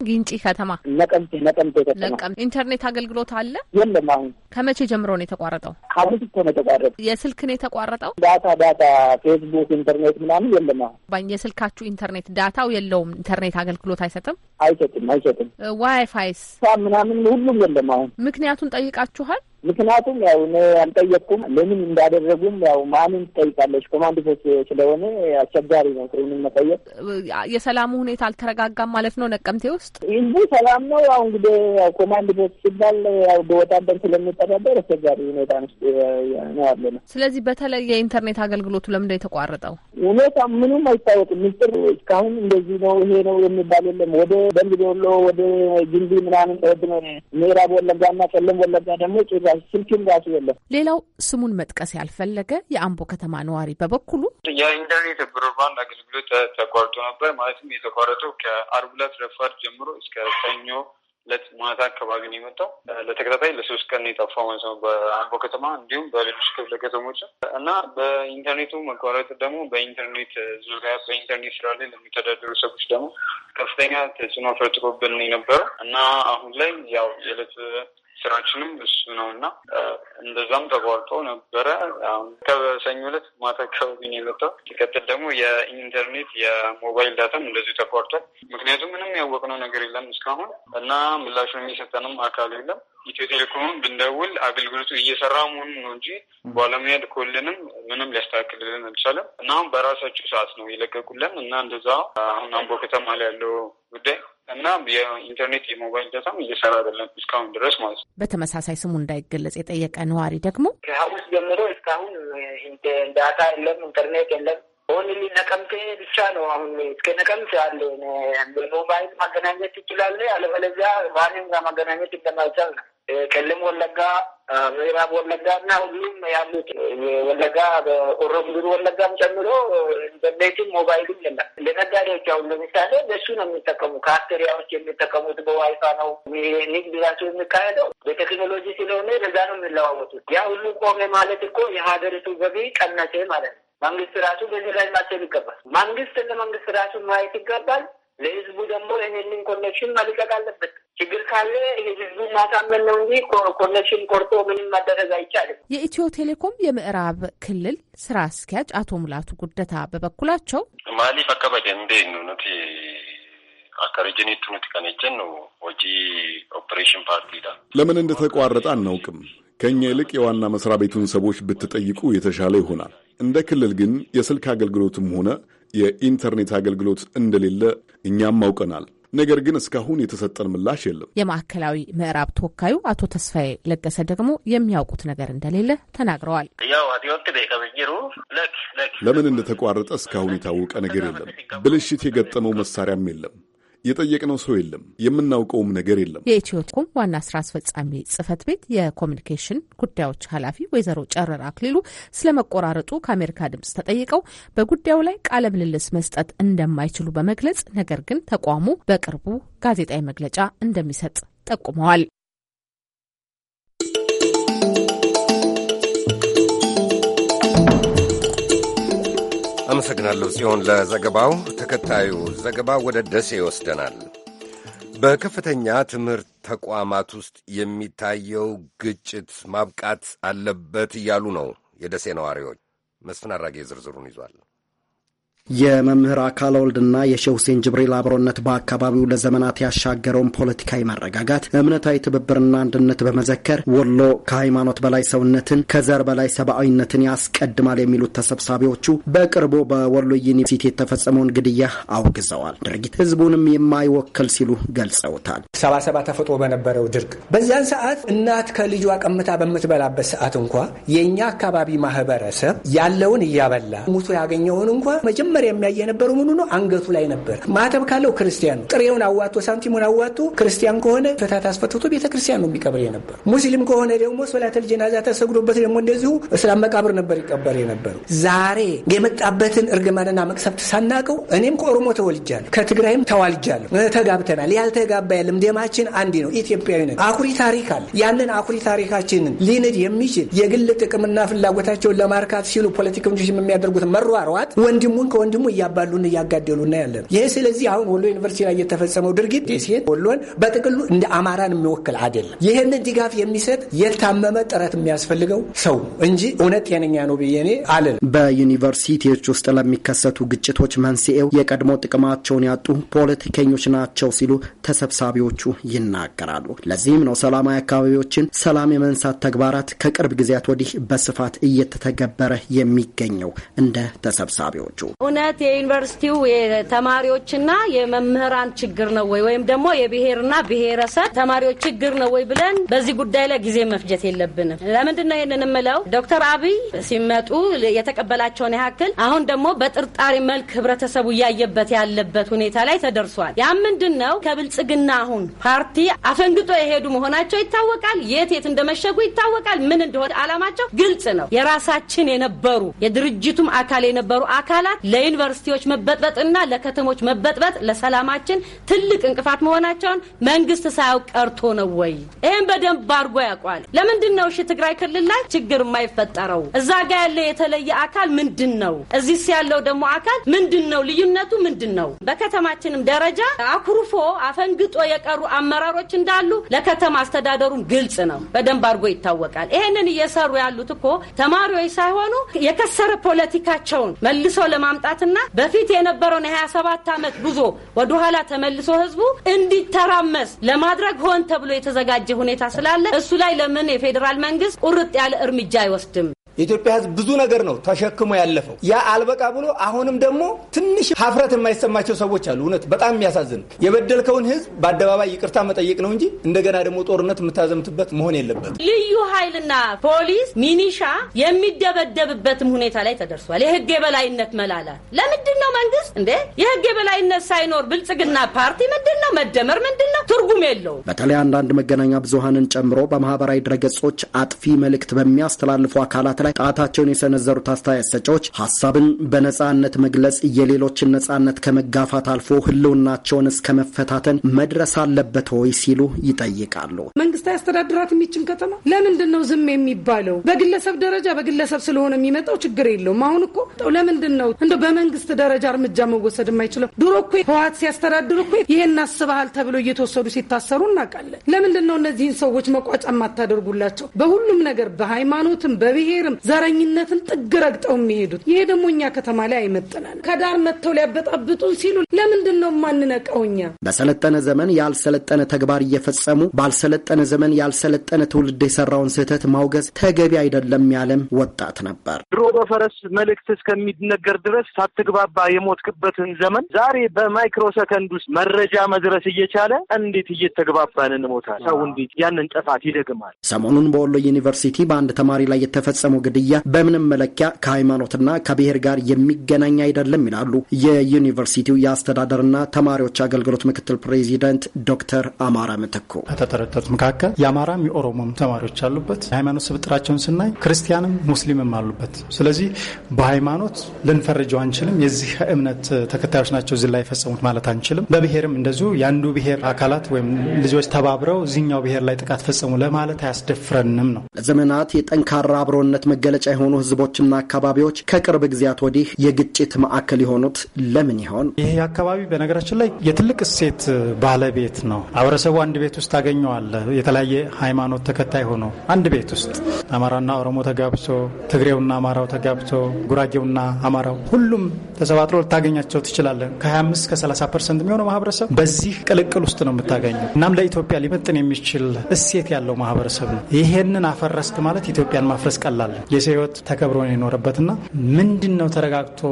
ጊንጪ ከተማ ነቀምቴ ነቀምቴ ከተማ ኢንተርኔት አገልግሎት አለ የለም። አሁን ከመቼ ጀምሮ ነው የተቋረጠው? ሐሙስ እኮ ነው የተቋረጠው። የስልክ ነው የተቋረጠው። ዳታ ዳታ ፌስቡክ፣ ኢንተርኔት ምናምን የለም። አሁን የስልካችሁ ኢንተርኔት ዳታው የለውም። ኢንተርኔት አገልግሎት አይሰጥም አይሰጥም አይሰጥም። ዋይፋይስ ምናምን ሁሉም የለም። አሁን ምክንያቱን ጠይቃችኋል? ምክንያቱም ያው እኔ አልጠየቅኩም። ለምን እንዳደረጉም ያው ማንም ትጠይቃለች? ኮማንድ ፖስት ስለሆነ አስቸጋሪ ነው ሰውንም መጠየቅ። የሰላሙ ሁኔታ አልተረጋጋም ማለት ነው። ነቀምቴ ውስጥ ህዝቡ ሰላም ነው። ያው እንግዲህ ያው ኮማንድ ፖስት ሲባል ያው በወታደር ስለሚተዳደር አስቸጋሪ ሁኔታ ነው ያለ ነው። ስለዚህ በተለይ የኢንተርኔት አገልግሎቱ ለምንድን የተቋረጠው? ሁኔታ ምንም አይታወቅም። ምስጢር እስካሁን እንደዚህ ነው ይሄ ነው የሚባል የለም። ወደ ደንቢ ዶሎ፣ ወደ ግንቢ ምናምን ወድ ነው ምዕራብ ወለጋ እና ቄለም ወለጋ ደግሞ ይዘጋል። ስልክም ራሱ የለም። ሌላው ስሙን መጥቀስ ያልፈለገ የአምቦ ከተማ ነዋሪ በበኩሉ የኢንተርኔት ብሮድባንድ አገልግሎት ተቋርጦ ነበር። ማለትም የተቋረጠው ከአርብ ዕለት ረፋድ ጀምሮ እስከ ሰኞ ለት ማታ አካባቢ ነው የመጣው። ለተከታታይ ለሶስት ቀን የጠፋው ማለት ነው በአምቦ ከተማ እንዲሁም በሌሎች ክፍለ ከተሞች እና በኢንተርኔቱ መቋረጥ ደግሞ በኢንተርኔት ዙሪያ በኢንተርኔት ስራ ላይ ለሚተዳደሩ ሰዎች ደግሞ ከፍተኛ ተጽዕኖ ፈጥሮብን የነበረው እና አሁን ላይ ያው የዕለት ስራችንም እሱ ነው እና እንደዛም ተቋርጦ ነበረ። አሁን ከሰኞ ዕለት ማታ አካባቢ ነው የመጣው። ሲቀጥል ደግሞ የኢንተርኔት የሞባይል ዳታም እንደዚሁ ተቋርጧል። ምክንያቱም ምንም ያወቅነው ነገር የለም እስካሁን እና ምላሹን የሚሰጠንም አካል የለም። ኢትዮ ቴሌኮምም ብንደውል አገልግሎቱ እየሰራ መሆኑን ነው እንጂ ባለሙያ ልኮልንም ምንም ሊያስተካክልልን አልቻለም እና አሁን በራሳቸው ሰዓት ነው የለቀቁለን እና እንደዛ አሁን አምቦ ከተማ ላይ ያለው ጉዳይ እና የኢንተርኔት የሞባይል ዳታም እየሰራ አይደለም እስካሁን ድረስ ማለት ነው። በተመሳሳይ ስሙ እንዳይገለጽ የጠየቀ ነዋሪ ደግሞ ከሀሙስ ጀምሮ እስካሁን ዳታ የለም፣ ኢንተርኔት የለም ኦንሊ ነቀምቴ ብቻ ነው። አሁን እስከ ነቀምቴ አለ። በሞባይል ማገናኘት ይችላል። አለበለዚያ ባንም ጋር ማገናኘት እንደማይቻል ነው። ቄለም ወለጋ፣ ምዕራብ ወለጋ እና ሁሉም ያሉት ወለጋ ኦሮምድር ወለጋም ጨምሮ ኢንተርኔትም ሞባይልም የለም። ለነጋዴዎች አሁን ለምሳሌ በሱ ነው የሚጠቀሙ። ከአስቴሪያዎች የሚጠቀሙት በዋይፋ ነው። ንግድ ራሱ የሚካሄደው በቴክኖሎጂ ስለሆነ በዛ ነው የሚለዋወጡት። ያ ሁሉ ቆሜ ማለት እኮ የሀገሪቱ ገቢ ቀነሴ ማለት ነው። መንግስት ራሱ በዚህ ላይ ማሰብ ይገባል። መንግስት ለመንግስት ራሱ ማየት ይገባል። ለህዝቡ ደግሞ ይህንን ኮኔክሽን መልቀቅ አለበት። ችግር ካለ ህዝቡን ማሳመን ነው እንጂ ኮኔክሽን ቆርጦ ምንም ማደረግ አይቻልም። የኢትዮ ቴሌኮም የምዕራብ ክልል ስራ አስኪያጅ አቶ ሙላቱ ጉደታ በበኩላቸው ማሊፍ አካባቢ እንዴ ነት አካሪጅኔቱነት ከነጀን ነው ወጪ ኦፕሬሽን ፓርቲ ለምን እንደተቋረጠ አናውቅም። ከእኛ ይልቅ የዋና መስሪያ ቤቱን ሰዎች ብትጠይቁ የተሻለ ይሆናል። እንደ ክልል ግን የስልክ አገልግሎትም ሆነ የኢንተርኔት አገልግሎት እንደሌለ እኛም አውቀናል። ነገር ግን እስካሁን የተሰጠን ምላሽ የለም። የማዕከላዊ ምዕራብ ተወካዩ አቶ ተስፋዬ ለገሰ ደግሞ የሚያውቁት ነገር እንደሌለ ተናግረዋል። ለምን እንደተቋረጠ እስካሁን የታወቀ ነገር የለም። ብልሽት የገጠመው መሳሪያም የለም። የጠየቅነው ሰው የለም፣ የምናውቀውም ነገር የለም። የኢትዮኮም ዋና ስራ አስፈጻሚ ጽህፈት ቤት የኮሚኒኬሽን ጉዳዮች ኃላፊ ወይዘሮ ጨረር አክሊሉ ስለ መቆራረጡ ከአሜሪካ ድምጽ ተጠይቀው በጉዳዩ ላይ ቃለ ምልልስ መስጠት እንደማይችሉ በመግለጽ ነገር ግን ተቋሙ በቅርቡ ጋዜጣዊ መግለጫ እንደሚሰጥ ጠቁመዋል። አመሰግናለሁ ጽዮን ለዘገባው። ተከታዩ ዘገባ ወደ ደሴ ይወስደናል። በከፍተኛ ትምህርት ተቋማት ውስጥ የሚታየው ግጭት ማብቃት አለበት እያሉ ነው የደሴ ነዋሪዎች። መስፍን አራጌ ዝርዝሩን ይዟል። የመምህር አካለ ወልድና የሼህ ሁሴን ጅብሪል አብሮነት በአካባቢው ለዘመናት ያሻገረውን ፖለቲካዊ መረጋጋት፣ እምነታዊ ትብብርና አንድነት በመዘከር ወሎ ከሃይማኖት በላይ ሰውነትን ከዘር በላይ ሰብአዊነትን ያስቀድማል የሚሉት ተሰብሳቢዎቹ በቅርቡ በወሎ ዩኒቨርሲቲ የተፈጸመውን ግድያ አውግዘዋል። ድርጊት ህዝቡንም የማይወክል ሲሉ ገልጸውታል። ሰባ ሰባ ተፈጥሮ በነበረው ድርቅ በዚያን ሰዓት እናት ከልጇ ቀምታ በምትበላበት ሰዓት እንኳ የእኛ አካባቢ ማህበረሰብ ያለውን እያበላ ሙቶ ያገኘውን እንኳ መጀመሪያ የሚያየ የነበሩ ምኑ ነው? አንገቱ ላይ ነበር። ማተብ ካለው ክርስቲያን ነው። ጥሬውን አዋቶ ሳንቲሙን አዋቶ ክርስቲያን ከሆነ ፍታት አስፈትቶ ቤተክርስቲያን ነው የሚቀብር የነበር። ሙስሊም ከሆነ ደግሞ ሶላተል ጀናዛ ተሰግዶበት ደግሞ እንደዚሁ እስላም መቃብር ነበር ይቀበር የነበሩ። ዛሬ የመጣበትን እርግማንና መቅሰብት ሳናቀው እኔም ከኦሮሞ ተወልጃለሁ፣ ከትግራይም ተዋልጃለሁ። ተጋብተናል። ያልተጋባ የለም። ደማችን አንድ ነው። ኢትዮጵያዊ ነን። አኩሪ ታሪክ አለ። ያንን አኩሪ ታሪካችንን ሊንድ የሚችል የግል ጥቅምና ፍላጎታቸውን ለማርካት ሲሉ ፖለቲከኞች የሚያደርጉት መሯሯጥ ወንድሙን ከወ ወንድሙ እያባሉን እያጋደሉና ያለን ይህ ስለዚህ አሁን ወሎ ዩኒቨርሲቲ ላይ የተፈጸመው ድርጊት ሴት ወሎን በጥቅሉ እንደ አማራን የሚወክል አይደለም። ይህንን ድጋፍ የሚሰጥ የታመመ ጥረት የሚያስፈልገው ሰው እንጂ እውነት ጤነኛ ነው ብዬ እኔ አለን። በዩኒቨርሲቲዎች ውስጥ ለሚከሰቱ ግጭቶች መንስኤው የቀድሞ ጥቅማቸውን ያጡ ፖለቲከኞች ናቸው ሲሉ ተሰብሳቢዎቹ ይናገራሉ። ለዚህም ነው ሰላማዊ አካባቢዎችን ሰላም የመንሳት ተግባራት ከቅርብ ጊዜያት ወዲህ በስፋት እየተተገበረ የሚገኘው እንደ ተሰብሳቢዎቹ በእውነት የዩኒቨርሲቲው የተማሪዎችና የመምህራን ችግር ነው ወይ ወይም ደግሞ የብሔርና ብሔረሰብ ተማሪዎች ችግር ነው ወይ ብለን በዚህ ጉዳይ ላይ ጊዜ መፍጀት የለብንም። ለምንድን ነው ይህንን ምለው? ዶክተር አብይ ሲመጡ የተቀበላቸውን ያክል አሁን ደግሞ በጥርጣሬ መልክ ህብረተሰቡ እያየበት ያለበት ሁኔታ ላይ ተደርሷል። ያ ምንድን ነው? ከብልጽግና አሁን ፓርቲ አፈንግጦ የሄዱ መሆናቸው ይታወቃል። የት የት እንደመሸጉ ይታወቃል። ምን እንደሆነ አላማቸው ግልጽ ነው። የራሳችን የነበሩ የድርጅቱም አካል የነበሩ አካላት ለዩኒቨርሲቲዎች መበጥበጥና ለከተሞች መበጥበጥ ለሰላማችን ትልቅ እንቅፋት መሆናቸውን መንግስት ሳያውቅ ቀርቶ ነው ወይ? ይህም በደንብ አድርጎ ያውቋል። ለምንድን ነው እሺ ትግራይ ክልል ላይ ችግር የማይፈጠረው? እዛ ጋ ያለ የተለየ አካል ምንድን ነው? እዚህስ ያለው ደግሞ አካል ምንድን ነው? ልዩነቱ ምንድን ነው? በከተማችንም ደረጃ አኩርፎ አፈንግጦ የቀሩ አመራሮች እንዳሉ ለከተማ አስተዳደሩም ግልጽ ነው፣ በደንብ አድርጎ ይታወቃል። ይህንን እየሰሩ ያሉት እኮ ተማሪዎች ሳይሆኑ የከሰረ ፖለቲካቸውን መልሰው ለማምጣት ማምጣትና በፊት የነበረውን 27 ሰባት ዓመት ጉዞ ወደኋላ ተመልሶ ህዝቡ እንዲተራመስ ለማድረግ ሆን ተብሎ የተዘጋጀ ሁኔታ ስላለ እሱ ላይ ለምን የፌዴራል መንግስት ቁርጥ ያለ እርምጃ አይወስድም? የኢትዮጵያ ሕዝብ ብዙ ነገር ነው ተሸክሞ ያለፈው። ያ አልበቃ ብሎ አሁንም ደግሞ ትንሽ ሀፍረት የማይሰማቸው ሰዎች አሉ። እውነት በጣም የሚያሳዝን የበደልከውን ሕዝብ በአደባባይ ይቅርታ መጠየቅ ነው እንጂ እንደገና ደግሞ ጦርነት የምታዘምትበት መሆን የለበት። ልዩ ኃይልና ፖሊስ፣ ሚኒሻ የሚደበደብበትም ሁኔታ ላይ ተደርሷል። የህግ የበላይነት መላላት ለምንድን ነው መንግስት እንዴ? የህግ የበላይነት ሳይኖር ብልጽግና ፓርቲ ምንድን ነው? መደመር ምንድን ነው? ትርጉም የለውም። በተለይ አንዳንድ መገናኛ ብዙሀንን ጨምሮ በማህበራዊ ድረገጾች አጥፊ መልእክት በሚያስተላልፉ አካላት ጣታቸውን የሰነዘሩት አስተያየት ሰጪዎች ሀሳብን በነጻነት መግለጽ የሌሎችን ነጻነት ከመጋፋት አልፎ ህልውናቸውን እስከ መፈታተን መድረስ አለበት ወይ ሲሉ ይጠይቃሉ። መንግስት ያስተዳድራት የሚችን ከተማ ለምንድን ነው ዝም የሚባለው? በግለሰብ ደረጃ በግለሰብ ስለሆነ የሚመጣው ችግር የለውም። አሁን እኮ ለምንድን ነው እንደ በመንግስት ደረጃ እርምጃ መወሰድ የማይችለው? ድሮ እኮ ህወሓት ሲያስተዳድር እኮ ይሄን አስበሃል ተብሎ እየተወሰዱ ሲታሰሩ እናውቃለን። ለምንድን ነው እነዚህን ሰዎች መቋጫ የማታደርጉላቸው በሁሉም ነገር በሃይማኖትም በብሔርም ዘረኝነትን ጥግ ረግጠው የሚሄዱት። ይሄ ደግሞ እኛ ከተማ ላይ አይመጥናል። ከዳር መጥተው ሊያበጣብጡን ሲሉ ለምንድን ነው የማንነቀው? እኛ በሰለጠነ ዘመን ያልሰለጠነ ተግባር እየፈጸሙ ባልሰለጠነ ዘመን ያልሰለጠነ ትውልድ የሰራውን ስህተት ማውገዝ ተገቢ አይደለም ያለም ወጣት ነበር። ድሮ በፈረስ መልእክት እስከሚነገር ድረስ ሳትግባባ የሞትክበትን ዘመን ዛሬ በማይክሮ ውስጥ መረጃ መድረስ እየቻለ እንዴት እየተግባባን እንሞታል? ሰው እንዴት ያንን ጥፋት ይደግማል? ሰሞኑን በወሎ ዩኒቨርሲቲ በአንድ ተማሪ ላይ የተፈጸመው ግድያ በምንም መለኪያ ከሃይማኖትና ከብሔር ጋር የሚገናኝ አይደለም ይላሉ የዩኒቨርሲቲው የአስተዳደርና ተማሪዎች አገልግሎት ምክትል ፕሬዚደንት ዶክተር አማራ ምትኩ። ከተጠረጠሩት መካከል የአማራም የኦሮሞም ተማሪዎች አሉበት። የሃይማኖት ስብጥራቸውን ስናይ ክርስቲያንም ሙስሊምም አሉበት። ስለዚህ በሃይማኖት ልንፈርጀው አንችልም። የዚህ እምነት ተከታዮች ናቸው እዚህ ላይ የፈጸሙት ማለት አንችልም። በብሔርም እንደዚሁ የአንዱ ብሔር አካላት ወይም ልጆች ተባብረው እዚኛው ብሔር ላይ ጥቃት ፈጸሙ ለማለት አያስደፍረንም ነው። ለዘመናት የጠንካራ አብሮነት መገለጫ የሆኑ ህዝቦችና አካባቢዎች ከቅርብ ጊዜያት ወዲህ የግጭት ማዕከል የሆኑት ለምን ይሆን? ይህ አካባቢ በነገራችን ላይ የትልቅ እሴት ባለቤት ነው። ማህበረሰቡ አንድ ቤት ውስጥ ታገኘዋለ። የተለያየ ሃይማኖት ተከታይ ሆኖ አንድ ቤት ውስጥ አማራና ኦሮሞ ተጋብቶ፣ ትግሬውና አማራው ተጋብቶ፣ ጉራጌውና አማራው ሁሉም ተሰባጥሮ ልታገኛቸው ትችላለን። ከ25 እስከ 30 ፐርሰንት የሚሆነው ማህበረሰብ በዚህ ቅልቅል ውስጥ ነው የምታገኘው። እናም ለኢትዮጵያ ሊመጥን የሚችል እሴት ያለው ማህበረሰብ ነው። ይሄንን አፈረስክ ማለት ኢትዮጵያን ማፍረስ ቀላል የሰው ህይወት ተከብሮ ነው የኖረበትና ምንድን ነው ተረጋግቶ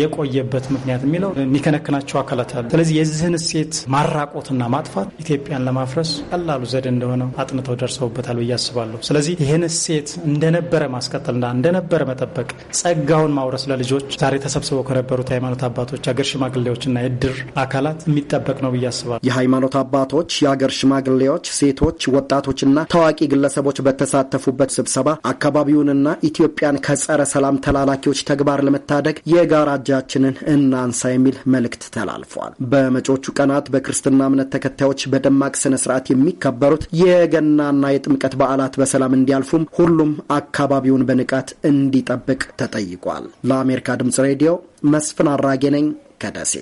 የቆየበት ምክንያት የሚለው የሚከነክናቸው አካላት አሉ። ስለዚህ የዚህን እሴት ማራቆትና ማጥፋት ኢትዮጵያን ለማፍረስ ቀላሉ ዘዴ እንደሆነ አጥንተው ደርሰውበታል ብዬ አስባለሁ። ስለዚህ ይህን እሴት እንደነበረ ማስቀጠልና እንደነበረ መጠበቅ፣ ጸጋውን ማውረስ ለልጆች ዛሬ ተሰብስበው ከነበሩት የሃይማኖት አባቶች፣ አገር ሽማግሌዎችና የድር አካላት የሚጠበቅ ነው ብዬ አስባለሁ። የሃይማኖት አባቶች፣ የአገር ሽማግሌዎች፣ ሴቶች፣ ወጣቶችና ታዋቂ ግለሰቦች በተሳተፉበት ስብሰባ አካባቢውንና ኢትዮጵያን ከጸረ ሰላም ተላላኪዎች ተግባር ለመታደግ የጋራ እጃችንን እናንሳ የሚል መልእክት ተላልፏል። በመጪዎቹ ቀናት በክርስትና እምነት ተከታዮች በደማቅ ስነ ስርዓት የሚከበሩት የገናና የጥምቀት በዓላት በሰላም እንዲያልፉም ሁሉም አካባቢውን በንቃት እንዲጠብቅ ተጠይቋል። ለአሜሪካ ድምጽ ሬዲዮ መስፍን አራጌ ነኝ ከደሴ።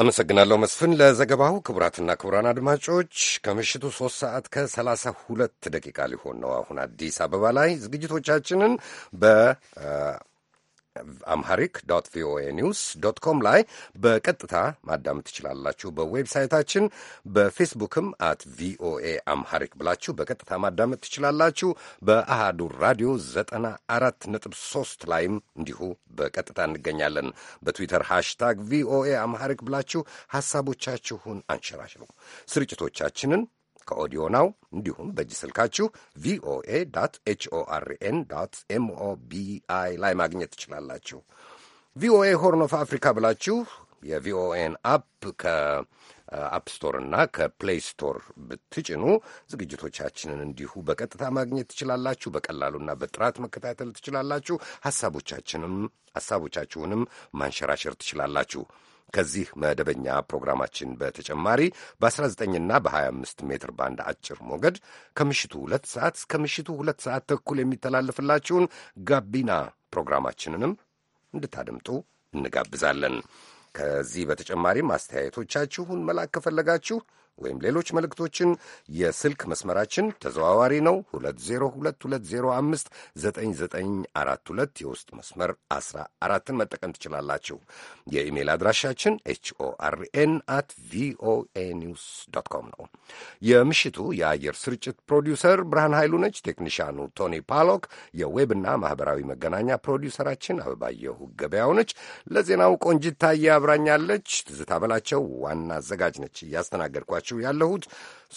አመሰግናለሁ መስፍን ለዘገባው። ክቡራትና ክቡራን አድማጮች ከምሽቱ ሶስት ሰዓት ከሰላሳ ሁለት ደቂቃ ሊሆን ነው አሁን አዲስ አበባ ላይ። ዝግጅቶቻችንን በ አምሐሪክ ዶት ቪኦኤ ኒውስ ዶት ኮም ላይ በቀጥታ ማዳመጥ ትችላላችሁ። በዌብሳይታችን በፌስቡክም አት ቪኦኤ አምሐሪክ ብላችሁ በቀጥታ ማዳመጥ ትችላላችሁ። በአሃዱ ራዲዮ 94.3 ላይም እንዲሁ በቀጥታ እንገኛለን። በትዊተር ሃሽታግ ቪኦኤ አምሐሪክ ብላችሁ ሐሳቦቻችሁን አንሸራሽሩ። ስርጭቶቻችንን ከኦዲዮ ናው እንዲሁም በእጅ ስልካችሁ ቪኦኤ ዳት ኤችኦአርኤን ዳት ኤምኦቢአይ ላይ ማግኘት ትችላላችሁ። ቪኦኤ ሆርን ኦፍ አፍሪካ ብላችሁ የቪኦኤን አፕ ከአፕ ስቶር እና ከፕሌይ ስቶር ብትጭኑ ዝግጅቶቻችንን እንዲሁ በቀጥታ ማግኘት ትችላላችሁ። በቀላሉና በጥራት መከታተል ትችላላችሁ። ሀሳቦቻችንም ሀሳቦቻችሁንም ማንሸራሸር ትችላላችሁ። ከዚህ መደበኛ ፕሮግራማችን በተጨማሪ በ19ና በ25 ሜትር ባንድ አጭር ሞገድ ከምሽቱ ሁለት ሰዓት እስከ ምሽቱ ሁለት ሰዓት ተኩል የሚተላለፍላችሁን ጋቢና ፕሮግራማችንንም እንድታደምጡ እንጋብዛለን። ከዚህ በተጨማሪም አስተያየቶቻችሁን መላክ ከፈለጋችሁ ወይም ሌሎች መልእክቶችን የስልክ መስመራችን ተዘዋዋሪ ነው 2022059942 የውስጥ መስመር 14ን መጠቀም ትችላላችሁ። የኢሜይል አድራሻችን ኤችኦአርኤን አት ቪኦኤ ኒውስ ዶት ኮም ነው። የምሽቱ የአየር ስርጭት ፕሮዲውሰር ብርሃን ኃይሉ ነች። ቴክኒሻኑ ቶኒ ፓሎክ፣ የዌብና ማህበራዊ መገናኛ ፕሮዲውሰራችን አበባየሁ ገበያው ነች። ለዜናው ቆንጂት ታዬ አብራኛለች። ትዝታ በላቸው ዋና አዘጋጅ ነች። እያስተናገድኳቸው እየተከታተላችሁ ያለሁት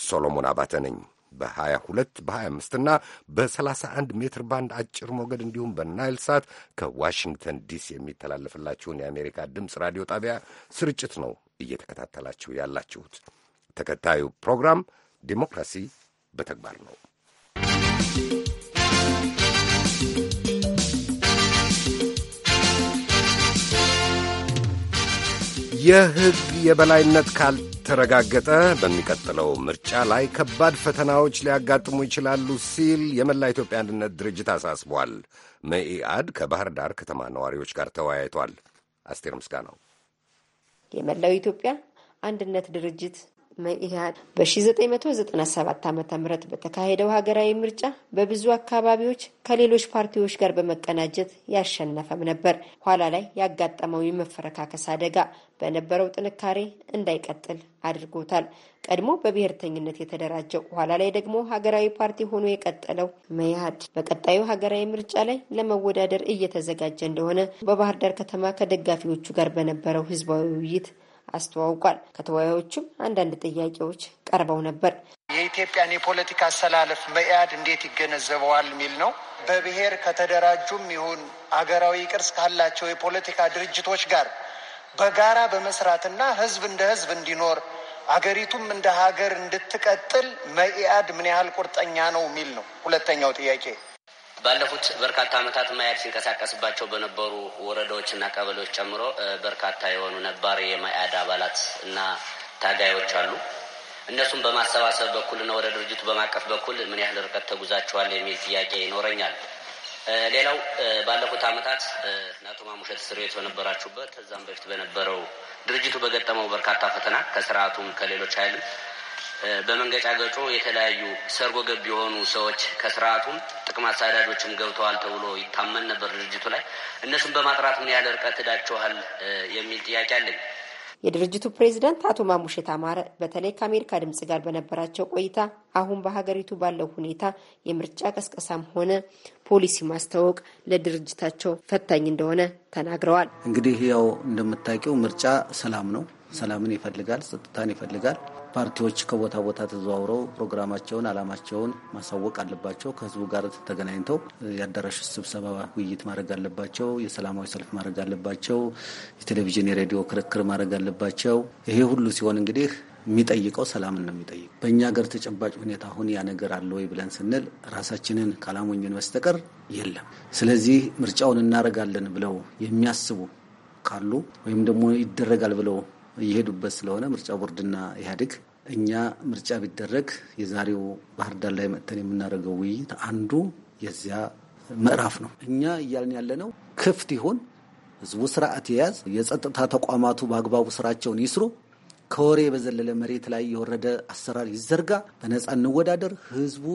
ሶሎሞን አባተ ነኝ። በ22 በ25 እና በ31 ሜትር ባንድ አጭር ሞገድ እንዲሁም በናይል ሳት ከዋሽንግተን ዲሲ የሚተላለፍላችሁን የአሜሪካ ድምፅ ራዲዮ ጣቢያ ስርጭት ነው እየተከታተላችሁ ያላችሁት። ተከታዩ ፕሮግራም ዲሞክራሲ በተግባር ነው። የሕግ የበላይነት ካል ከተረጋገጠ በሚቀጥለው ምርጫ ላይ ከባድ ፈተናዎች ሊያጋጥሙ ይችላሉ ሲል የመላ ኢትዮጵያ አንድነት ድርጅት አሳስቧል። መኢአድ ከባህር ዳር ከተማ ነዋሪዎች ጋር ተወያይቷል። አስቴር ነው። የመላው ኢትዮጵያ አንድነት ድርጅት መኢአድ በ1997 ዓ ም በተካሄደው ሀገራዊ ምርጫ በብዙ አካባቢዎች ከሌሎች ፓርቲዎች ጋር በመቀናጀት ያሸነፈም ነበር። ኋላ ላይ ያጋጠመው የመፈረካከስ አደጋ በነበረው ጥንካሬ እንዳይቀጥል አድርጎታል። ቀድሞ በብሔርተኝነት የተደራጀው ኋላ ላይ ደግሞ ሀገራዊ ፓርቲ ሆኖ የቀጠለው መያድ በቀጣዩ ሀገራዊ ምርጫ ላይ ለመወዳደር እየተዘጋጀ እንደሆነ በባህር ዳር ከተማ ከደጋፊዎቹ ጋር በነበረው ህዝባዊ ውይይት አስተዋውቋል። ከተወያዮቹም አንዳንድ ጥያቄዎች ቀርበው ነበር። የኢትዮጵያን የፖለቲካ አሰላለፍ መኢአድ እንዴት ይገነዘበዋል የሚል ነው። በብሔር ከተደራጁም ይሁን አገራዊ ቅርስ ካላቸው የፖለቲካ ድርጅቶች ጋር በጋራ በመስራትና ህዝብ እንደ ህዝብ እንዲኖር አገሪቱም እንደ ሀገር እንድትቀጥል መኢአድ ምን ያህል ቁርጠኛ ነው የሚል ነው ሁለተኛው ጥያቄ። ባለፉት በርካታ ዓመታት ማያድ ሲንቀሳቀስባቸው በነበሩ ወረዳዎችና ቀበሌዎች ጨምሮ በርካታ የሆኑ ነባር የማያድ አባላት እና ታጋዮች አሉ። እነሱም በማሰባሰብ በኩልና ወደ ድርጅቱ በማቀፍ በኩል ምን ያህል ርቀት ተጉዛቸዋል የሚል ጥያቄ ይኖረኛል። ሌላው ባለፉት ዓመታት አቶ ማሙሸት እስር ቤት በነበራችሁበት ከዛም በፊት በነበረው ድርጅቱ በገጠመው በርካታ ፈተና ከስርዓቱም ከሌሎች ኃይልም በመንገጫገጩ የተለያዩ ሰርጎ ገብ የሆኑ ሰዎች ከስርዓቱም ጥቅም አሳዳጆችም ገብተዋል ተብሎ ይታመን ነበር ድርጅቱ ላይ። እነሱን በማጥራት ምን ያህል እርቀት ሄዳችኋል የሚል ጥያቄ አለኝ። የድርጅቱ ፕሬዚዳንት አቶ ማሙሼት አማረ በተለይ ከአሜሪካ ድምጽ ጋር በነበራቸው ቆይታ አሁን በሀገሪቱ ባለው ሁኔታ የምርጫ ቀስቀሳም ሆነ ፖሊሲ ማስተዋወቅ ለድርጅታቸው ፈታኝ እንደሆነ ተናግረዋል። እንግዲህ ያው እንደምታውቂው ምርጫ ሰላም ነው። ሰላምን ይፈልጋል፣ ጸጥታን ይፈልጋል። ፓርቲዎች ከቦታ ቦታ ተዘዋውረው ፕሮግራማቸውን፣ አላማቸውን ማሳወቅ አለባቸው። ከህዝቡ ጋር ተገናኝተው የአዳራሽ ስብሰባ ውይይት ማድረግ አለባቸው። የሰላማዊ ሰልፍ ማድረግ አለባቸው። የቴሌቪዥን የሬዲዮ ክርክር ማድረግ አለባቸው። ይሄ ሁሉ ሲሆን እንግዲህ የሚጠይቀው ሰላምን ነው የሚጠይቅ። በእኛ ሀገር ተጨባጭ ሁኔታ አሁን ያ ነገር አለ ወይ ብለን ስንል ራሳችንን ካላሞኝን በስተቀር የለም። ስለዚህ ምርጫውን እናደርጋለን ብለው የሚያስቡ ካሉ ወይም ደግሞ ይደረጋል ብለው እየሄዱበት ስለሆነ ምርጫ ቦርድና ኢህአዴግ እኛ ምርጫ ቢደረግ የዛሬው ባህር ዳር ላይ መጥተን የምናደርገው ውይይት አንዱ የዚያ ምዕራፍ ነው። እኛ እያልን ያለነው ክፍት ይሁን፣ ህዝቡ ስርዓት የያዝ የጸጥታ ተቋማቱ በአግባቡ ስራቸውን ይስሩ፣ ከወሬ በዘለለ መሬት ላይ የወረደ አሰራር ይዘርጋ፣ በነፃ እንወዳደር፣ ህዝቡ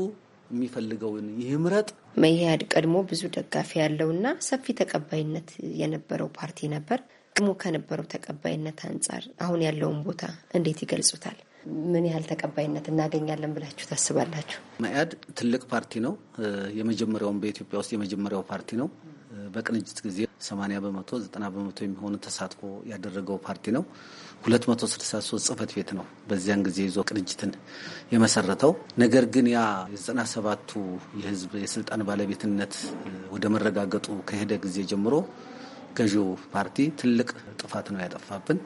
የሚፈልገውን ይምረጥ። መኢአድ ቀድሞ ብዙ ደጋፊ ያለውና ሰፊ ተቀባይነት የነበረው ፓርቲ ነበር። አስቀድሞ ከነበረው ተቀባይነት አንጻር አሁን ያለውን ቦታ እንዴት ይገልጹታል? ምን ያህል ተቀባይነት እናገኛለን ብላችሁ ታስባላችሁ? መያድ ትልቅ ፓርቲ ነው። የመጀመሪያውን በኢትዮጵያ ውስጥ የመጀመሪያው ፓርቲ ነው። በቅንጅት ጊዜ 80 በመቶ 90 በመቶ የሚሆኑ ተሳትፎ ያደረገው ፓርቲ ነው። 263 ጽህፈት ቤት ነው በዚያን ጊዜ ይዞ ቅንጅትን የመሰረተው። ነገር ግን ያ የ 97 የህዝብ የስልጣን ባለቤትነት ወደ መረጋገጡ ከሄደ ጊዜ ጀምሮ ገዢው ፓርቲ ትልቅ ጥፋት ነው ያጠፋብን።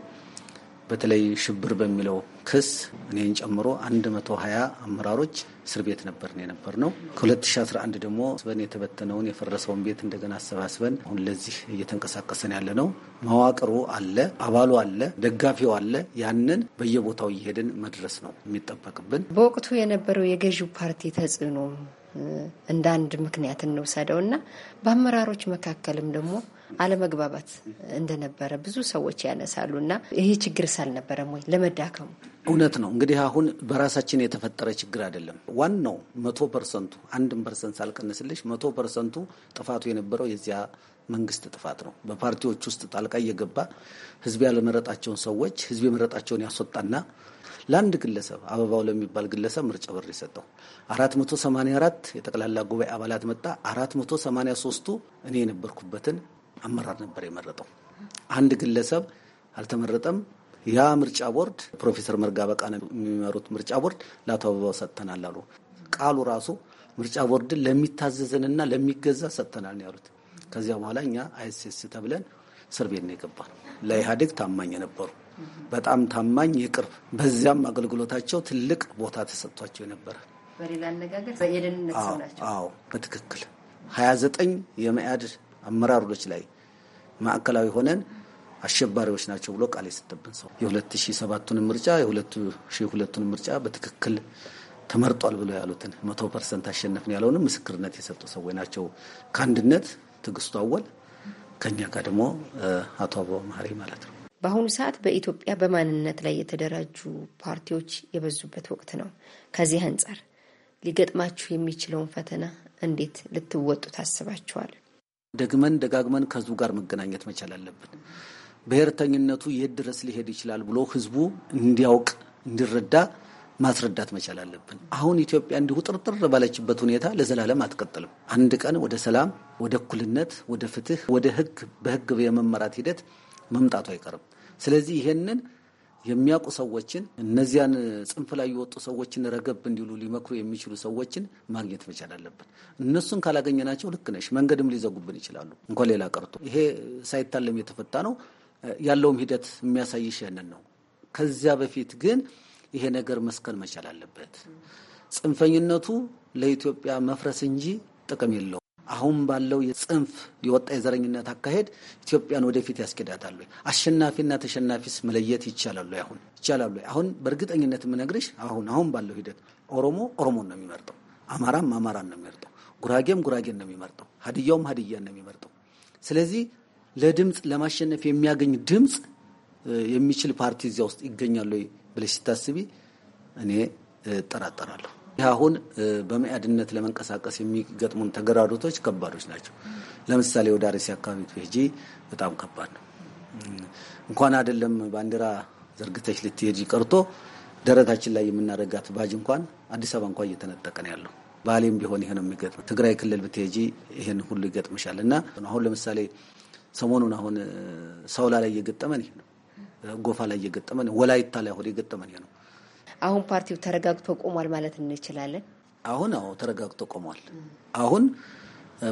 በተለይ ሽብር በሚለው ክስ እኔን ጨምሮ 120 አመራሮች እስር ቤት ነበርን የነበር ነው። ከ2011 ደግሞ ስበን የተበተነውን የፈረሰውን ቤት እንደገና አሰባስበን አሁን ለዚህ እየተንቀሳቀሰን ያለ ነው። መዋቅሩ አለ፣ አባሉ አለ፣ ደጋፊው አለ። ያንን በየቦታው እየሄድን መድረስ ነው የሚጠበቅብን። በወቅቱ የነበረው የገዢው ፓርቲ ተጽዕኖ እንደ አንድ ምክንያት እንውሰደው እና በአመራሮች መካከልም ደግሞ አለመግባባት እንደነበረ ብዙ ሰዎች ያነሳሉ እና ይሄ ችግር ሳልነበረም ወይ ለመዳከሙ እውነት ነው። እንግዲህ አሁን በራሳችን የተፈጠረ ችግር አይደለም። ዋናው መቶ ፐርሰንቱ አንድም ፐርሰንት ሳልቀንስልሽ መቶ ፐርሰንቱ ጥፋቱ የነበረው የዚያ መንግስት ጥፋት ነው። በፓርቲዎች ውስጥ ጣልቃ እየገባ ህዝብ ያለመረጣቸውን ሰዎች ህዝብ የመረጣቸውን ያስወጣና ለአንድ ግለሰብ አበባው ለሚባል ግለሰብ ምርጫ በር የሰጠው 484 የጠቅላላ ጉባኤ አባላት መጣ። 483ቱ እኔ የነበርኩበትን አመራር ነበር የመረጠው። አንድ ግለሰብ አልተመረጠም። ያ ምርጫ ቦርድ ፕሮፌሰር መርጋ በቃና የሚመሩት ምርጫ ቦርድ ለአቶ አበባው ሰጥተናል አሉ። ቃሉ ራሱ ምርጫ ቦርድን ለሚታዘዘንና ለሚገዛ ሰጥተናል ነው ያሉት። ከዚያ በኋላ እኛ አይስስ ተብለን እስር ቤት ነው የገባ። ለኢህአዴግ ታማኝ የነበሩ በጣም ታማኝ የቅርብ በዚያም አገልግሎታቸው ትልቅ ቦታ ተሰጥቷቸው የነበረ በሌላ አነጋገር የደህንነት ሰው ናቸው። አዎ በትክክል ዘጠኝ የመያድ አመራሮች ላይ ማዕከላዊ ሆነን አሸባሪዎች ናቸው ብሎ ቃል የሰጠብን ሰው የ2007ቱንም ምርጫ የ 2002 ምርጫ በትክክል ተመርጧል ብሎ ያሉትን መቶ ፐርሰንት አሸነፍን ያለውንም ምስክርነት የሰጡ ሰዎች ናቸው። ከአንድነት ትዕግስቱ አወል ከኛ ጋር ደግሞ አቶ አበባ መሀሪ ማለት ነው። በአሁኑ ሰዓት በኢትዮጵያ በማንነት ላይ የተደራጁ ፓርቲዎች የበዙበት ወቅት ነው። ከዚህ አንጻር ሊገጥማችሁ የሚችለውን ፈተና እንዴት ልትወጡ ታስባችኋል? ደግመን ደጋግመን ከህዝቡ ጋር መገናኘት መቻል አለብን። ብሔርተኝነቱ የት ድረስ ሊሄድ ይችላል ብሎ ህዝቡ እንዲያውቅ እንዲረዳ ማስረዳት መቻል አለብን። አሁን ኢትዮጵያ እንዲሁ ጥርጥር ባለችበት ሁኔታ ለዘላለም አትቀጥልም። አንድ ቀን ወደ ሰላም፣ ወደ እኩልነት፣ ወደ ፍትህ፣ ወደ ህግ በህግ የመመራት ሂደት መምጣቱ አይቀርም። ስለዚህ ይሄንን የሚያውቁ ሰዎችን እነዚያን ጽንፍ ላይ የወጡ ሰዎችን ረገብ እንዲሉ ሊመክሩ የሚችሉ ሰዎችን ማግኘት መቻል አለብን። እነሱን ካላገኘናቸው ልክ ነሽ፣ መንገድም ሊዘጉብን ይችላሉ። እንኳን ሌላ ቀርቶ ይሄ ሳይታለም የተፈታ ነው። ያለውም ሂደት የሚያሳይሽ ያንን ነው። ከዚያ በፊት ግን ይሄ ነገር መስከል መቻል አለበት። ጽንፈኝነቱ ለኢትዮጵያ መፍረስ እንጂ ጥቅም የለው። አሁን ባለው የጽንፍ የወጣ የዘረኝነት አካሄድ ኢትዮጵያን ወደፊት ያስኬዳታሉ? አሸናፊና ተሸናፊስ መለየት ይቻላሉ? አሁን ይቻላሉ? አሁን በእርግጠኝነት የምነግርሽ አሁን አሁን ባለው ሂደት ኦሮሞ ኦሮሞን ነው የሚመርጠው፣ አማራም አማራን ነው የሚመርጠው፣ ጉራጌም ጉራጌን ነው የሚመርጠው፣ ሀድያውም ሀድያን ነው የሚመርጠው። ስለዚህ ለድምፅ ለማሸነፍ የሚያገኝ ድምፅ የሚችል ፓርቲ እዚያ ውስጥ ይገኛሉ ብለሽ ስታስቢ እኔ እጠራጠራለሁ። ይህ አሁን በመያድነት ለመንቀሳቀስ የሚገጥሙን ተገራሮቶች ከባዶች ናቸው። ለምሳሌ ወደ አርሲ አካባቢ ሄጂ በጣም ከባድ ነው። እንኳን አይደለም ባንዲራ ዘርግተች ልትሄጂ ቀርቶ ደረታችን ላይ የምናደርጋት ባጅ እንኳን አዲስ አበባ እንኳን እየተነጠቀ ነው ያለው። ባሌም ቢሆን ይሄ ነው የሚገጥመው። ትግራይ ክልል ብትሄጂ ይህን ሁሉ ይገጥምሻል። እና አሁን ለምሳሌ ሰሞኑን አሁን ሰውላ ላይ እየገጠመን ይሄ ነው። ጎፋ ላይ እየገጠመን፣ ወላይታ ላይ አሁን የገጠመን ይሄ ነው። አሁን ፓርቲው ተረጋግቶ ቆሟል ማለት እንችላለን። አሁን አዎ ተረጋግቶ ቆሟል። አሁን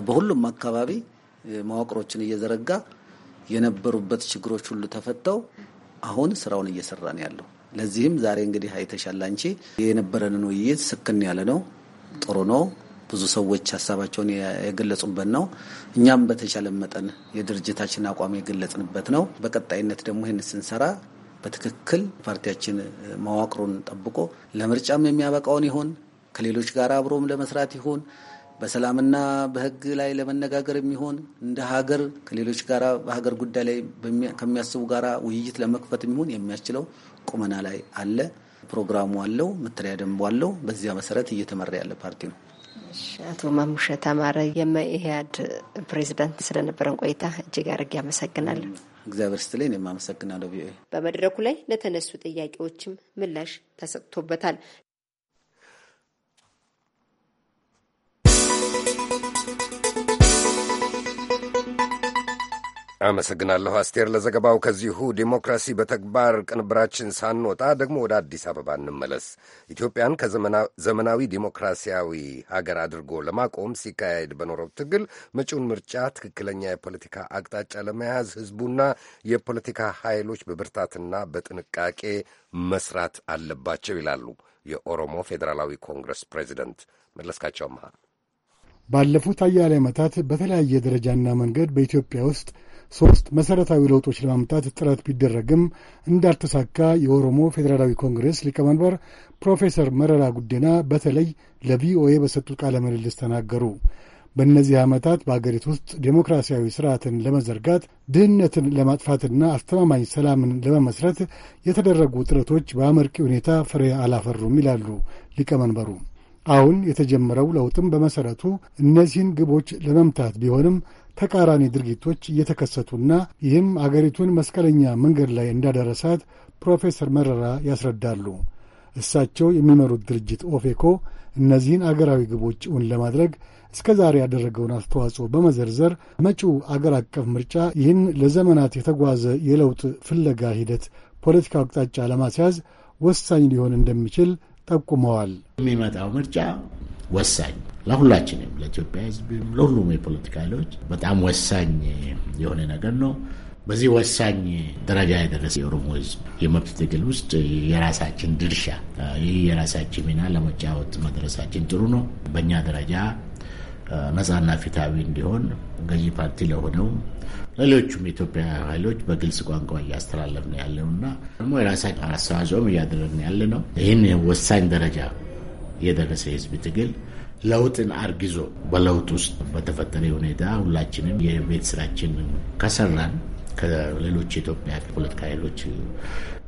በሁሉም አካባቢ መዋቅሮችን እየዘረጋ የነበሩበት ችግሮች ሁሉ ተፈተው አሁን ስራውን እየሰራ ነው ያለው። ለዚህም ዛሬ እንግዲህ አይተሻል አንቺ የነበረንን ውይይት ስክን ያለ ነው፣ ጥሩ ነው። ብዙ ሰዎች ሀሳባቸውን የገለጹበት ነው። እኛም በተቻለ መጠን የድርጅታችን አቋም የገለጽንበት ነው። በቀጣይነት ደግሞ ይህን ስንሰራ በትክክል ፓርቲያችን መዋቅሩን ጠብቆ ለምርጫም የሚያበቃውን ይሆን ከሌሎች ጋር አብሮም ለመስራት ይሆን በሰላምና በሕግ ላይ ለመነጋገር የሚሆን እንደ ሀገር ከሌሎች ጋር በሀገር ጉዳይ ላይ ከሚያስቡ ጋራ ውይይት ለመክፈት የሚሆን የሚያስችለው ቁመና ላይ አለ። ፕሮግራሙ አለው፣ መተሪያ ደንቡ አለው። በዚያ መሰረት እየተመራ ያለ ፓርቲ ነው። አቶ ማሙሸት አማረ የመኢህያድ ፕሬዚዳንት ስለነበረን ቆይታ እጅግ አድርጌ አመሰግናለሁ። እግዚአብሔር ስትለኝ እኔም አመሰግናለሁ። ቪኦኤ በመድረኩ ላይ ለተነሱ ጥያቄዎችም ምላሽ ተሰጥቶበታል። አመሰግናለሁ አስቴር ለዘገባው። ከዚሁ ዲሞክራሲ በተግባር ቅንብራችን ሳንወጣ ደግሞ ወደ አዲስ አበባ እንመለስ። ኢትዮጵያን ከዘመናዊ ዲሞክራሲያዊ ሀገር አድርጎ ለማቆም ሲካሄድ በኖረው ትግል መጪውን ምርጫ ትክክለኛ የፖለቲካ አቅጣጫ ለመያዝ ሕዝቡና የፖለቲካ ኃይሎች በብርታትና በጥንቃቄ መስራት አለባቸው ይላሉ የኦሮሞ ፌዴራላዊ ኮንግረስ ፕሬዚደንት መለስካቸው አምሃ። ባለፉት አያሌ ዓመታት በተለያየ ደረጃና መንገድ በኢትዮጵያ ውስጥ ሦስት መሠረታዊ ለውጦች ለማምጣት ጥረት ቢደረግም እንዳልተሳካ የኦሮሞ ፌዴራላዊ ኮንግሬስ ሊቀመንበር ፕሮፌሰር መረራ ጉዲና በተለይ ለቪኦኤ በሰጡት ቃለ ምልልስ ተናገሩ። በእነዚህ ዓመታት በአገሪቱ ውስጥ ዴሞክራሲያዊ ስርዓትን ለመዘርጋት ድህነትን ለማጥፋትና አስተማማኝ ሰላምን ለመመስረት የተደረጉ ጥረቶች በአመርቂ ሁኔታ ፍሬ አላፈሩም ይላሉ ሊቀመንበሩ። አሁን የተጀመረው ለውጥም በመሠረቱ እነዚህን ግቦች ለመምታት ቢሆንም ተቃራኒ ድርጊቶች እየተከሰቱና ይህም አገሪቱን መስቀለኛ መንገድ ላይ እንዳደረሳት ፕሮፌሰር መረራ ያስረዳሉ። እሳቸው የሚመሩት ድርጅት ኦፌኮ እነዚህን አገራዊ ግቦች እውን ለማድረግ እስከ ዛሬ ያደረገውን አስተዋጽኦ በመዘርዘር መጪው አገር አቀፍ ምርጫ ይህን ለዘመናት የተጓዘ የለውጥ ፍለጋ ሂደት ፖለቲካ አቅጣጫ ለማስያዝ ወሳኝ ሊሆን እንደሚችል ጠቁመዋል። የሚመጣው ምርጫ ወሳኝ ለሁላችንም ለኢትዮጵያ ሕዝብም ለሁሉም የፖለቲካ ኃይሎች በጣም ወሳኝ የሆነ ነገር ነው። በዚህ ወሳኝ ደረጃ የደረሰ የኦሮሞ ሕዝብ የመብት ትግል ውስጥ የራሳችን ድርሻ ይህ የራሳችን ሚና ለመጫወት መድረሳችን ጥሩ ነው። በእኛ ደረጃ ነጻና ፊታዊ እንዲሆን ገዢ ፓርቲ ለሆነው ሌሎቹም የኢትዮጵያ ኃይሎች በግልጽ ቋንቋ እያስተላለፍን ያለው እና ደግሞ የራሳችን አስተዋጽኦም እያደረግን ያለ ነው። ይህን ወሳኝ ደረጃ የደረሰ የህዝብ ትግል ለውጥን አርግዞ በለውጥ ውስጥ በተፈጠረ ሁኔታ ሁላችንም የቤት ስራችን ከሰራን ከሌሎች የኢትዮጵያ ፖለቲካ ኃይሎች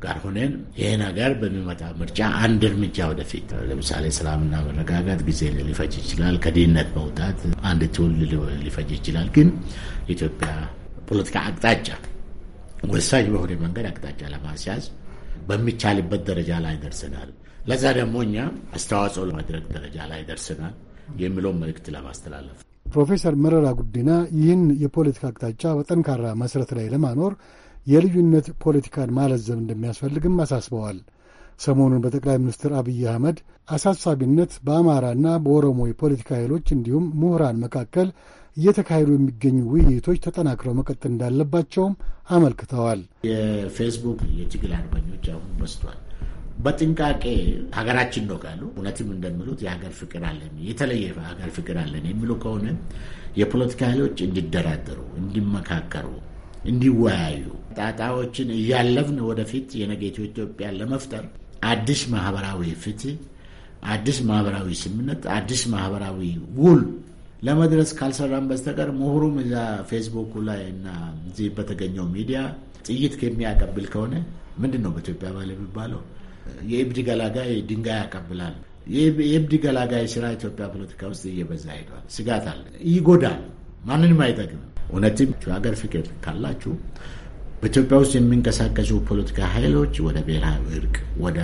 ጋር ሆነን ይህ ነገር በሚመጣ ምርጫ አንድ እርምጃ ወደፊት ለምሳሌ ሰላምና መረጋጋት ጊዜ ሊፈጅ ይችላል። ከድህነት መውጣት አንድ ትውልድ ሊፈጅ ይችላል። ግን የኢትዮጵያ ፖለቲካ አቅጣጫ ወሳኝ በሆነ መንገድ አቅጣጫ ለማስያዝ በሚቻልበት ደረጃ ላይ ደርሰናል። ለዛ ደግሞ እኛ አስተዋጽኦ ለማድረግ ደረጃ ላይ ደርስናል የሚለውን መልእክት ለማስተላለፍ ፕሮፌሰር መረራ ጉዲና ይህን የፖለቲካ አቅጣጫ በጠንካራ መሠረት ላይ ለማኖር የልዩነት ፖለቲካን ማለዘብ እንደሚያስፈልግም አሳስበዋል። ሰሞኑን በጠቅላይ ሚኒስትር አብይ አህመድ አሳሳቢነት በአማራና በኦሮሞ የፖለቲካ ኃይሎች እንዲሁም ምሁራን መካከል እየተካሄዱ የሚገኙ ውይይቶች ተጠናክረው መቀጠል እንዳለባቸውም አመልክተዋል። የፌስቡክ የትግል አርበኞች አሁን በስቷል። በጥንቃቄ ሀገራችን ነው ካሉ እውነትም እንደሚሉት የሀገር ፍቅር አለን የተለየ ሀገር ፍቅር አለን የሚሉ ከሆነ የፖለቲካ ኃይሎች እንዲደራደሩ፣ እንዲመካከሩ፣ እንዲወያዩ ጣጣዎችን እያለፍን ወደፊት የነገቱ ኢትዮጵያ ለመፍጠር አዲስ ማህበራዊ ፍትህ፣ አዲስ ማህበራዊ ስምነት፣ አዲስ ማህበራዊ ውል ለመድረስ ካልሰራን በስተቀር ምሁሩም እዛ ፌስቡክ ላይ እና እዚህ በተገኘው ሚዲያ ጥይት ከሚያቀብል ከሆነ ምንድን ነው በኢትዮጵያ ባለ የሚባለው? የእብድ ገላጋይ ድንጋይ ያቀብላል። የእብድ ገላጋይ ስራ ኢትዮጵያ ፖለቲካ ውስጥ እየበዛ ሄዷል። ስጋት አለ። ይጎዳል፣ ማንንም አይጠቅም እውነትም ሀገር ፍቅር ካላችሁ በኢትዮጵያ ውስጥ የሚንቀሳቀሱ ፖለቲካ ኃይሎች ወደ ብሔራዊ እርቅ፣ ወደ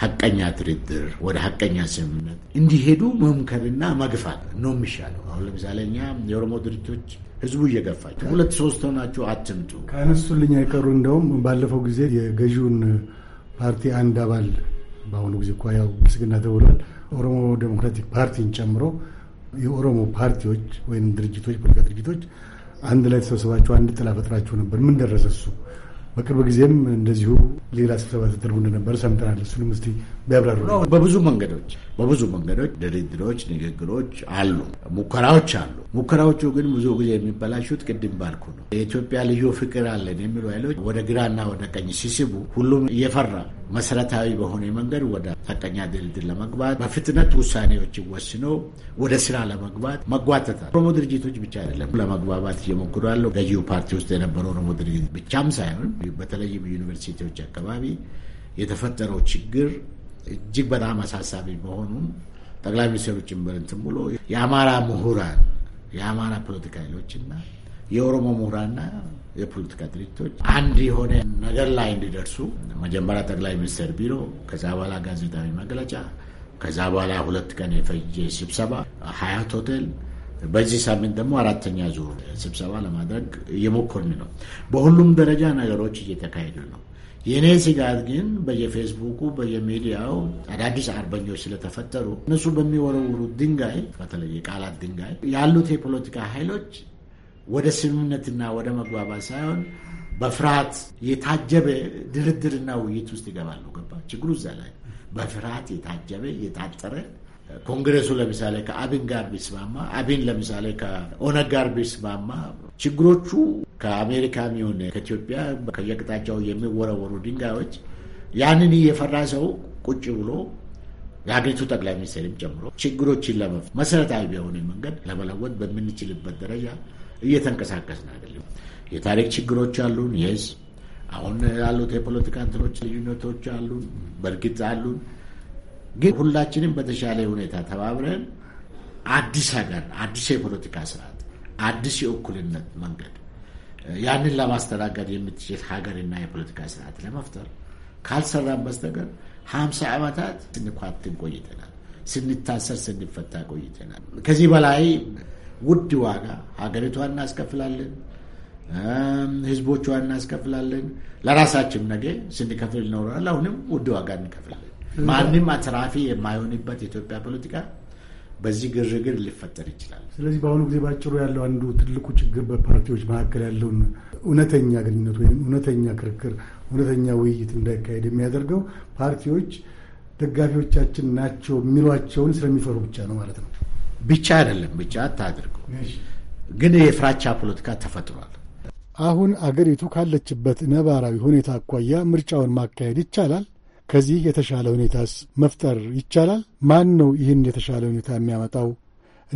ሀቀኛ ድርድር፣ ወደ ሀቀኛ ስምምነት እንዲሄዱ መምከርና መግፋት ነው የሚሻለው። አሁን ለምሳሌ እኛ የኦሮሞ ድርጅቶች ህዝቡ እየገፋቸው ሁለት ሶስት ሆናችሁ አትምጡ ካነሱልኝ አይቀሩ። እንደውም ባለፈው ጊዜ የገዢውን ፓርቲ አንድ አባል በአሁኑ ጊዜ እኳ ያው ብልጽግና ተብሏል። ኦሮሞ ዴሞክራቲክ ፓርቲን ጨምሮ የኦሮሞ ፓርቲዎች ወይም ድርጅቶች፣ ፖለቲካ ድርጅቶች አንድ ላይ ተሰብስባችሁ አንድ ጥላ ፈጥራቸው ነበር። ምን ደረሰ እሱ? በቅርብ ጊዜም እንደዚሁ ሌላ ስብሰባ ተደርጎ እንደነበረ ሰምተናል። እሱንም እስቲ ቢያብራሩ በብዙ መንገዶች በብዙ መንገዶች ድርድሮች፣ ንግግሮች አሉ፣ ሙከራዎች አሉ። ሙከራዎቹ ግን ብዙ ጊዜ የሚበላሹት ቅድም ባልኩ ነው። የኢትዮጵያ ልዩ ፍቅር አለን የሚሉ ኃይሎች ወደ ግራና ወደ ቀኝ ሲስቡ፣ ሁሉም እየፈራ መሰረታዊ በሆነ መንገድ ወደ ሀቀኛ ድርድር ለመግባት በፍጥነት ውሳኔዎች ወስኖ ወደ ስራ ለመግባት መጓተታል። ኦሮሞ ድርጅቶች ብቻ አይደለም ለመግባባት እየሞክሩ ያለው ገዢው ፓርቲ ውስጥ የነበረው ኦሮሞ ድርጅት ብቻም ሳይሆን በተለይም ዩኒቨርሲቲዎች አካባቢ የተፈጠረው ችግር እጅግ በጣም አሳሳቢ መሆኑን ጠቅላይ ሚኒስትሩ ጭምር እንትን ብሎ የአማራ ምሁራን የአማራ ፖለቲካ ኃይሎችና የኦሮሞ ምሁራንና የፖለቲካ ድርጅቶች አንድ የሆነ ነገር ላይ እንዲደርሱ መጀመሪያ ጠቅላይ ሚኒስትር ቢሮ፣ ከዛ በኋላ ጋዜጣዊ መግለጫ፣ ከዛ በኋላ ሁለት ቀን የፈጀ ስብሰባ ሀያት ሆቴል። በዚህ ሳምንት ደግሞ አራተኛ ዙር ስብሰባ ለማድረግ እየሞከርን ነው። በሁሉም ደረጃ ነገሮች እየተካሄዱ ነው። የእኔ ስጋት ግን በየፌስቡኩ በየሚዲያው አዳዲስ አርበኞች ስለተፈጠሩ እነሱ በሚወረውሩት ድንጋይ በተለይ የቃላት ድንጋይ ያሉት የፖለቲካ ኃይሎች ወደ ስምምነትና ወደ መግባባት ሳይሆን በፍርሃት የታጀበ ድርድርና ውይይት ውስጥ ይገባሉ። ገባ ችግሩ እዛ ላይ በፍርሃት የታጀበ የታጠረ ኮንግረሱ ለምሳሌ ከአብን ጋር ቢስማማ፣ አብን ለምሳሌ ከኦነግ ጋር ቢስማማ ችግሮቹ ከአሜሪካ የሚሆን ከኢትዮጵያ ከየቅጣጫው የሚወረወሩ ድንጋዮች ያንን የፈራ ሰው ቁጭ ብሎ የሀገሪቱ ጠቅላይ ሚኒስትርም ጨምሮ ችግሮችን ለመፍ መሰረታዊ በሆነ መንገድ ለመለወጥ በምንችልበት ደረጃ እየተንቀሳቀስን አይደለም። የታሪክ ችግሮች አሉን። የስ አሁን ያሉት የፖለቲካ እንትኖች ልዩነቶች አሉን፣ በእርግጥ አሉን። ግን ሁላችንም በተሻለ ሁኔታ ተባብረን አዲስ ሀገር፣ አዲስ የፖለቲካ ስርዓት፣ አዲስ የእኩልነት መንገድ ያንን ለማስተናገድ የምትችል ሀገርና የፖለቲካ ስርዓት ለመፍጠር ካልሰራን በስተቀር ሀምሳ ዓመታት ስንኳትን ቆይተናል። ስንታሰር ስንፈታ ቆይተናል። ከዚህ በላይ ውድ ዋጋ ሀገሪቷ እናስከፍላለን፣ ህዝቦቿ እናስከፍላለን። ለራሳችን ነገ ስንከፍል ይኖረናል። አሁንም ውድ ዋጋ እንከፍላለን። ማንም አትራፊ የማይሆንበት የኢትዮጵያ ፖለቲካ በዚህ ግርግር ሊፈጠር ይችላል። ስለዚህ በአሁኑ ጊዜ ባጭሩ ያለው አንዱ ትልቁ ችግር በፓርቲዎች መካከል ያለውን እውነተኛ ግንኙነት ወይም እውነተኛ ክርክር፣ እውነተኛ ውይይት እንዳይካሄድ የሚያደርገው ፓርቲዎች ደጋፊዎቻችን ናቸው የሚሏቸውን ስለሚፈሩ ብቻ ነው ማለት ነው። ብቻ አይደለም፣ ብቻ አታድርገው። ግን የፍራቻ ፖለቲካ ተፈጥሯል። አሁን አገሪቱ ካለችበት ነባራዊ ሁኔታ አኳያ ምርጫውን ማካሄድ ይቻላል? ከዚህ የተሻለ ሁኔታስ መፍጠር ይቻላል? ማን ነው ይህን የተሻለ ሁኔታ የሚያመጣው?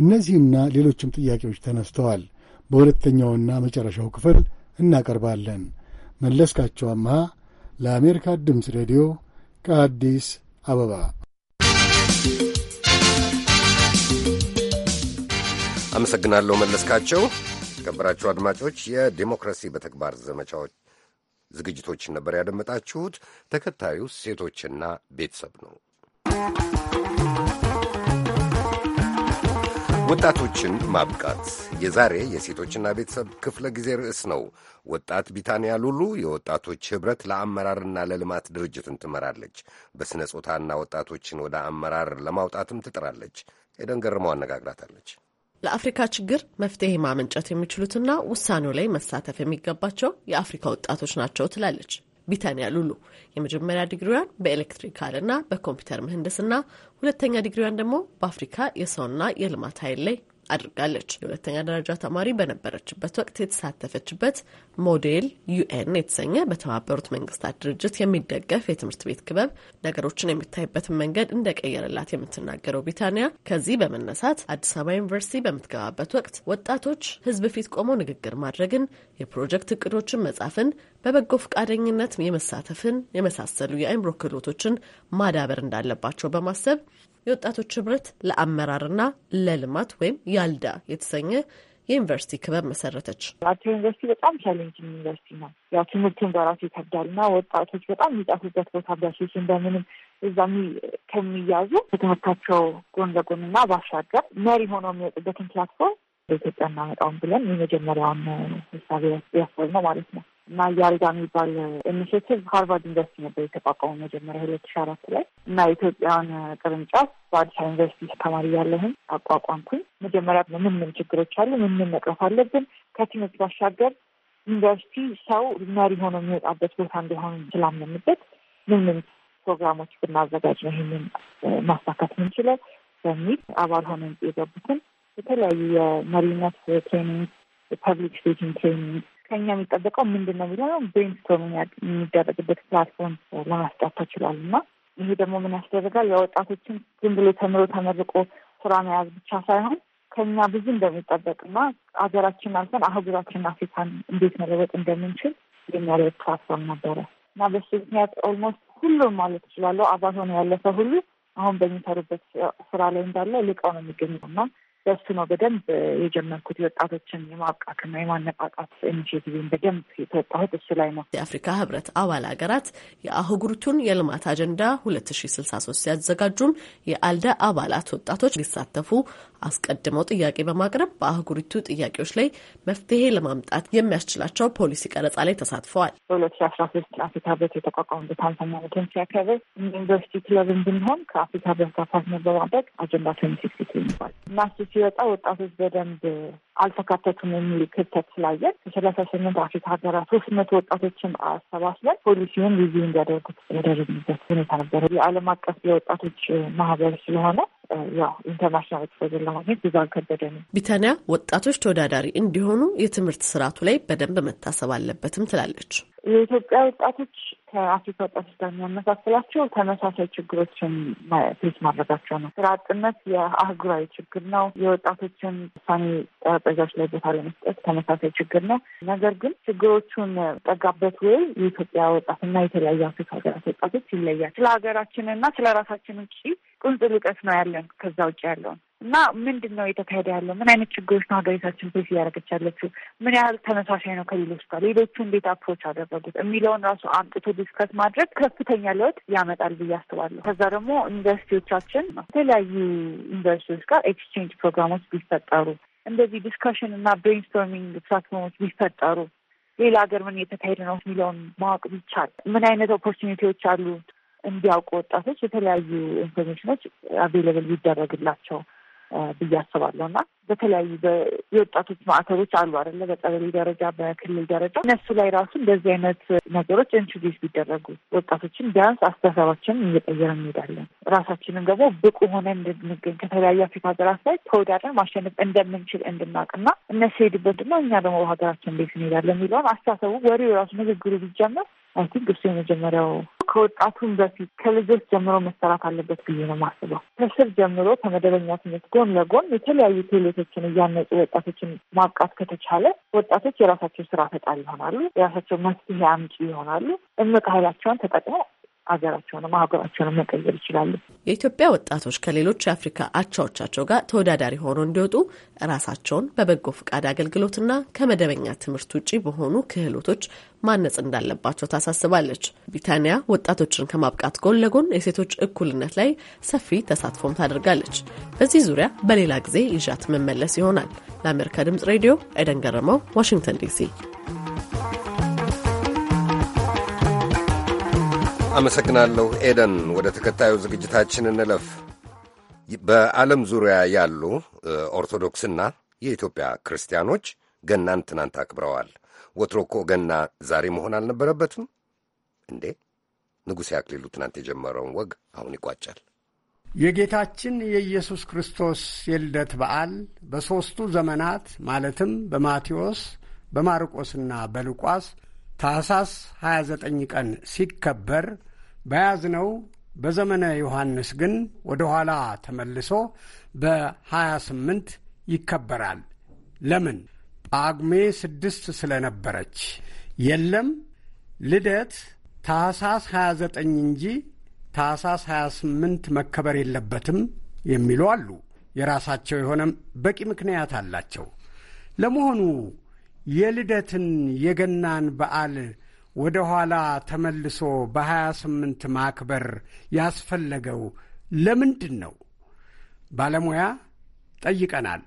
እነዚህና ሌሎችም ጥያቄዎች ተነስተዋል። በሁለተኛውና መጨረሻው ክፍል እናቀርባለን። መለስካቸው አምሃ ለአሜሪካ ድምፅ ሬዲዮ ከአዲስ አበባ አመሰግናለሁ መለስካቸው። የተከበራችሁ አድማጮች የዲሞክራሲ በተግባር ዘመቻዎች ዝግጅቶችን ነበር ያደመጣችሁት። ተከታዩ ሴቶችና ቤተሰብ ነው። ወጣቶችን ማብቃት የዛሬ የሴቶችና ቤተሰብ ክፍለ ጊዜ ርዕስ ነው። ወጣት ቢታንያ ሉሉ የወጣቶች ኅብረት ለአመራርና ለልማት ድርጅትን ትመራለች። በሥነ ጾታና ወጣቶችን ወደ አመራር ለማውጣትም ትጥራለች። ኤደን ገርመው አነጋግራታለች። ለአፍሪካ ችግር መፍትሄ ማመንጨት የሚችሉትና ውሳኔው ላይ መሳተፍ የሚገባቸው የአፍሪካ ወጣቶች ናቸው ትላለች ቢታንያ ሉሉ። የመጀመሪያ ዲግሪዋን በኤሌክትሪካልና በኮምፒውተር ምህንድስና፣ ሁለተኛ ዲግሪዋን ደግሞ በአፍሪካ የሰውና የልማት ኃይል ላይ አድርጋለች። የሁለተኛ ደረጃ ተማሪ በነበረችበት ወቅት የተሳተፈችበት ሞዴል ዩኤን የተሰኘ በተባበሩት መንግስታት ድርጅት የሚደገፍ የትምህርት ቤት ክበብ ነገሮችን የሚታይበትን መንገድ እንደቀየረላት የምትናገረው ቢታንያ ከዚህ በመነሳት አዲስ አበባ ዩኒቨርሲቲ በምትገባበት ወቅት ወጣቶች ህዝብ ፊት ቆመው ንግግር ማድረግን፣ የፕሮጀክት እቅዶችን መጻፍን፣ በበጎ ፈቃደኝነት የመሳተፍን የመሳሰሉ የአእምሮ ክህሎቶችን ማዳበር እንዳለባቸው በማሰብ የወጣቶች ህብረት ለአመራርና ለልማት ወይም ያልዳ የተሰኘ የዩኒቨርሲቲ ክበብ መሰረተች። አርቲ ዩኒቨርሲቲ በጣም ቻሌንጅ ዩኒቨርሲቲ ነው። ያው ትምህርቱን በራሱ ይከብዳል እና ወጣቶች በጣም የሚጠፉበት ቦታ በሴሽን በምንም እዛ ከሚያዙ ከትምህርታቸው ጎን ለጎን እና ባሻገር መሪ ሆነው የሚወጡበትን ፕላትፎርም በኢትዮጵያ እናመጣውን ብለን የመጀመሪያውን ሀሳብ ያስወል ነው ማለት ነው። እና ያሪዳ የሚባል ኢኒሽቲቭ ሀርቫርድ ዩኒቨርሲቲ ነበር የተቋቋመ መጀመሪያ ሁለት ሺ አራት ላይ እና የኢትዮጵያን ቅርንጫፍ በአዲስ አበባ ዩኒቨርሲቲ ተማሪ ያለሁኝ አቋቋምኩኝ። መጀመሪያ ምን ምን ችግሮች አሉ፣ ምን ምን መቅረፍ አለብን፣ ከትምህርት ባሻገር ዩኒቨርሲቲ ሰው መሪ ሆኖ የሚወጣበት ቦታ እንደሆኑ ስላመንበት ምን ምን ፕሮግራሞች ብናዘጋጅ ነው ይህንን ማሳካት ምንችለው በሚል አባል ሆነ የገቡትን የተለያዩ የመሪነት ትሬኒንግ፣ የፐብሊክ ስፒኪንግ ትሬኒንግ ከኛ የሚጠበቀው ምንድን ነው የሚለው ብሬንስቶርም የሚደረግበት ፕላትፎርም ለማስጣት ተችሏል። እና ይሄ ደግሞ ምን ያስደረጋል? የወጣቶችን ዝም ብሎ ተምሮ ተመርቆ ስራ መያዝ ብቻ ሳይሆን ከኛ ብዙ እንደሚጠበቅ እና ሀገራችን አልፈን አህጉራችን አፍሪካን እንዴት መለወጥ እንደምንችል የሚያደርግ ፕላትፎርም ነበረ እና በሱ ምክንያት ኦልሞስት ሁሉም ማለት እችላለሁ አባት ሆነ ያለፈ ሁሉ አሁን በሚሰሩበት ስራ ላይ እንዳለ ልቀው ነው የሚገኘው እና በሱ ነው በደንብ የጀመርኩት የወጣቶችን የማብቃትና የማነቃቃት ኢኒሽቲቭን በደንብ የተወጣሁት እሱ ላይ ነው። የአፍሪካ ህብረት አባል ሀገራት የአህጉሪቱን የልማት አጀንዳ ሁለት ሺ ስልሳ ሶስት ሲያዘጋጁም የአልደ አባላት ወጣቶች ሊሳተፉ አስቀድመው ጥያቄ በማቅረብ በአህጉሪቱ ጥያቄዎች ላይ መፍትሄ ለማምጣት የሚያስችላቸው ፖሊሲ ቀረጻ ላይ ተሳትፈዋል። በሁለት ሺ አስራ ሶስት አፍሪካ ህብረት የተቋቋመበት ሃምሳኛ ዓመቱን ሲያከብር ዩኒቨርሲቲ ክለብን ብንሆን ከአፍሪካ ህብረት ጋር ፓርትነር በማድረግ አጀንዳ ትዌንቲ ይባል እና ሲወጣ ወጣቶች በደንብ አልተካተቱም የሚል ክፍተት ስላየን ከሰላሳ ስምንት አፍሪካ ሀገራት ሶስት መቶ ወጣቶችን አሰባስበን ፖሊሲውን ጊዜ እንዲያደርጉት ያደረግንበት ሁኔታ ነበረ። የዓለም አቀፍ የወጣቶች ማህበር ስለሆነ ያው ኢንተርናሽናል ኤክስፖዘር ለማግኘት ብዙ አልከበደንም። ቢታንያ ወጣቶች ተወዳዳሪ እንዲሆኑ የትምህርት ስርዓቱ ላይ በደንብ መታሰብ አለበትም ትላለች። የኢትዮጵያ ወጣቶች ከአፍሪካ ወጣቶች ጋር የሚያመሳስላቸው ተመሳሳይ ችግሮችን ፊት ማድረጋቸው ነው። ስራ አጥነት የአህጉራዊ ችግር ነው። የወጣቶችን ውሳኔ ጠረጴዛዎች ላይ ቦታ ለመስጠት ተመሳሳይ ችግር ነው። ነገር ግን ችግሮቹን ጠጋበት ወይ የኢትዮጵያ ወጣትና የተለያዩ አፍሪካ ሀገራት ወጣቶች ይለያል። ስለ ሀገራችንና ስለ ራሳችን ውጭ ቁንጽል እውቀት ነው ያለን ከዛ ውጭ ያለውን እና ምንድን ነው እየተካሄደ ያለው? ምን አይነት ችግሮች ነው ሀገሪታችን ፌስ እያደረገች ያለችው? ምን ያህል ተመሳሳይ ነው ከሌሎች ጋር? ሌሎቹ እንዴት አፕሮች አደረጉት የሚለውን ራሱ አምጥቶ ዲስከስ ማድረግ ከፍተኛ ለውጥ ያመጣል ብዬ አስባለሁ። ከዛ ደግሞ ዩኒቨርሲቲዎቻችን የተለያዩ ዩኒቨርሲቲዎች ጋር ኤክስቼንጅ ፕሮግራሞች ቢፈጠሩ፣ እንደዚህ ዲስካሽን እና ብሬንስቶርሚንግ ፕላትፎርሞች ቢፈጠሩ፣ ሌላ ሀገር ምን እየተካሄደ ነው የሚለውን ማወቅ ቢቻል፣ ምን አይነት ኦፖርቹኒቲዎች አሉ እንዲያውቁ ወጣቶች የተለያዩ ኢንፎርሜሽኖች አቬይለብል ቢደረግላቸው ብዬ አስባለሁ እና በተለያዩ የወጣቶች ማዕከሎች አሉ አይደለ? በቀበሌ ደረጃ፣ በክልል ደረጃ እነሱ ላይ ራሱ እንደዚህ አይነት ነገሮች ኢንትሮዲስ ቢደረጉ ወጣቶችን ቢያንስ አስተሳሰባችንን እየቀየረ እንሄዳለን። ራሳችንም ደግሞ ብቁ ሆነ እንድንገኝ ከተለያዩ አፍሪካ ሀገራት ላይ ተወዳድረን ማሸነፍ እንደምንችል እንድናውቅና እነሱ ሄድበት ድና እኛ ደግሞ ሀገራችን እንዴት እንሄዳለን የሚለውን አስተሳሰቡ ወሬው ራሱ ንግግሩ ቢጀመር አይ ቲንክ እሱ የመጀመሪያው ከወጣቱን በፊት ከልጆች ጀምሮ መሰራት አለበት ብዬ ነው ማስበው። ከስር ጀምሮ ከመደበኛ ትምህርት ጎን ለጎን የተለያዩ ክህሎቶችን እያነጹ ወጣቶችን ማብቃት ከተቻለ ወጣቶች የራሳቸው ስራ ፈጣሪ ይሆናሉ፣ የራሳቸው መፍትሄ አምጪ ይሆናሉ። እምቅ ኃይላቸውን ተጠቅመው ሀገራቸውንም ሀገራቸውንም መቀየር ይችላሉ። የኢትዮጵያ ወጣቶች ከሌሎች የአፍሪካ አቻዎቻቸው ጋር ተወዳዳሪ ሆነው እንዲወጡ ራሳቸውን በበጎ ፈቃድ አገልግሎትና ከመደበኛ ትምህርት ውጪ በሆኑ ክህሎቶች ማነጽ እንዳለባቸው ታሳስባለች። ቢታንያ ወጣቶችን ከማብቃት ጎን ለጎን የሴቶች እኩልነት ላይ ሰፊ ተሳትፎም ታደርጋለች። በዚህ ዙሪያ በሌላ ጊዜ ይዣት መመለስ ይሆናል። ለአሜሪካ ድምጽ ሬዲዮ ኤደን ገረመው፣ ዋሽንግተን ዲሲ አመሰግናለሁ ኤደን። ወደ ተከታዩ ዝግጅታችን እንለፍ። በዓለም ዙሪያ ያሉ ኦርቶዶክስና የኢትዮጵያ ክርስቲያኖች ገናን ትናንት አክብረዋል። ወትሮ እኮ ገና ዛሬ መሆን አልነበረበትም እንዴ? ንጉሴ አክሊሉ ትናንት የጀመረውን ወግ አሁን ይቋጫል። የጌታችን የኢየሱስ ክርስቶስ የልደት በዓል በሦስቱ ዘመናት ማለትም በማቴዎስ፣ በማርቆስና በሉቃስ ታሳስ 29 ቀን ሲከበር በያዝነው በዘመነ ዮሐንስ ግን ወደ ኋላ ተመልሶ በ28 ይከበራል። ለምን? ጳጉሜ ስድስት ስለነበረች። የለም ልደት ታሳስ 29 እንጂ ታሳስ 28 መከበር የለበትም የሚሉ አሉ። የራሳቸው የሆነም በቂ ምክንያት አላቸው። ለመሆኑ የልደትን የገናን በዓል ወደ ኋላ ተመልሶ በሀያ ስምንት ማክበር ያስፈለገው ለምንድን ነው? ባለሙያ ጠይቀናል።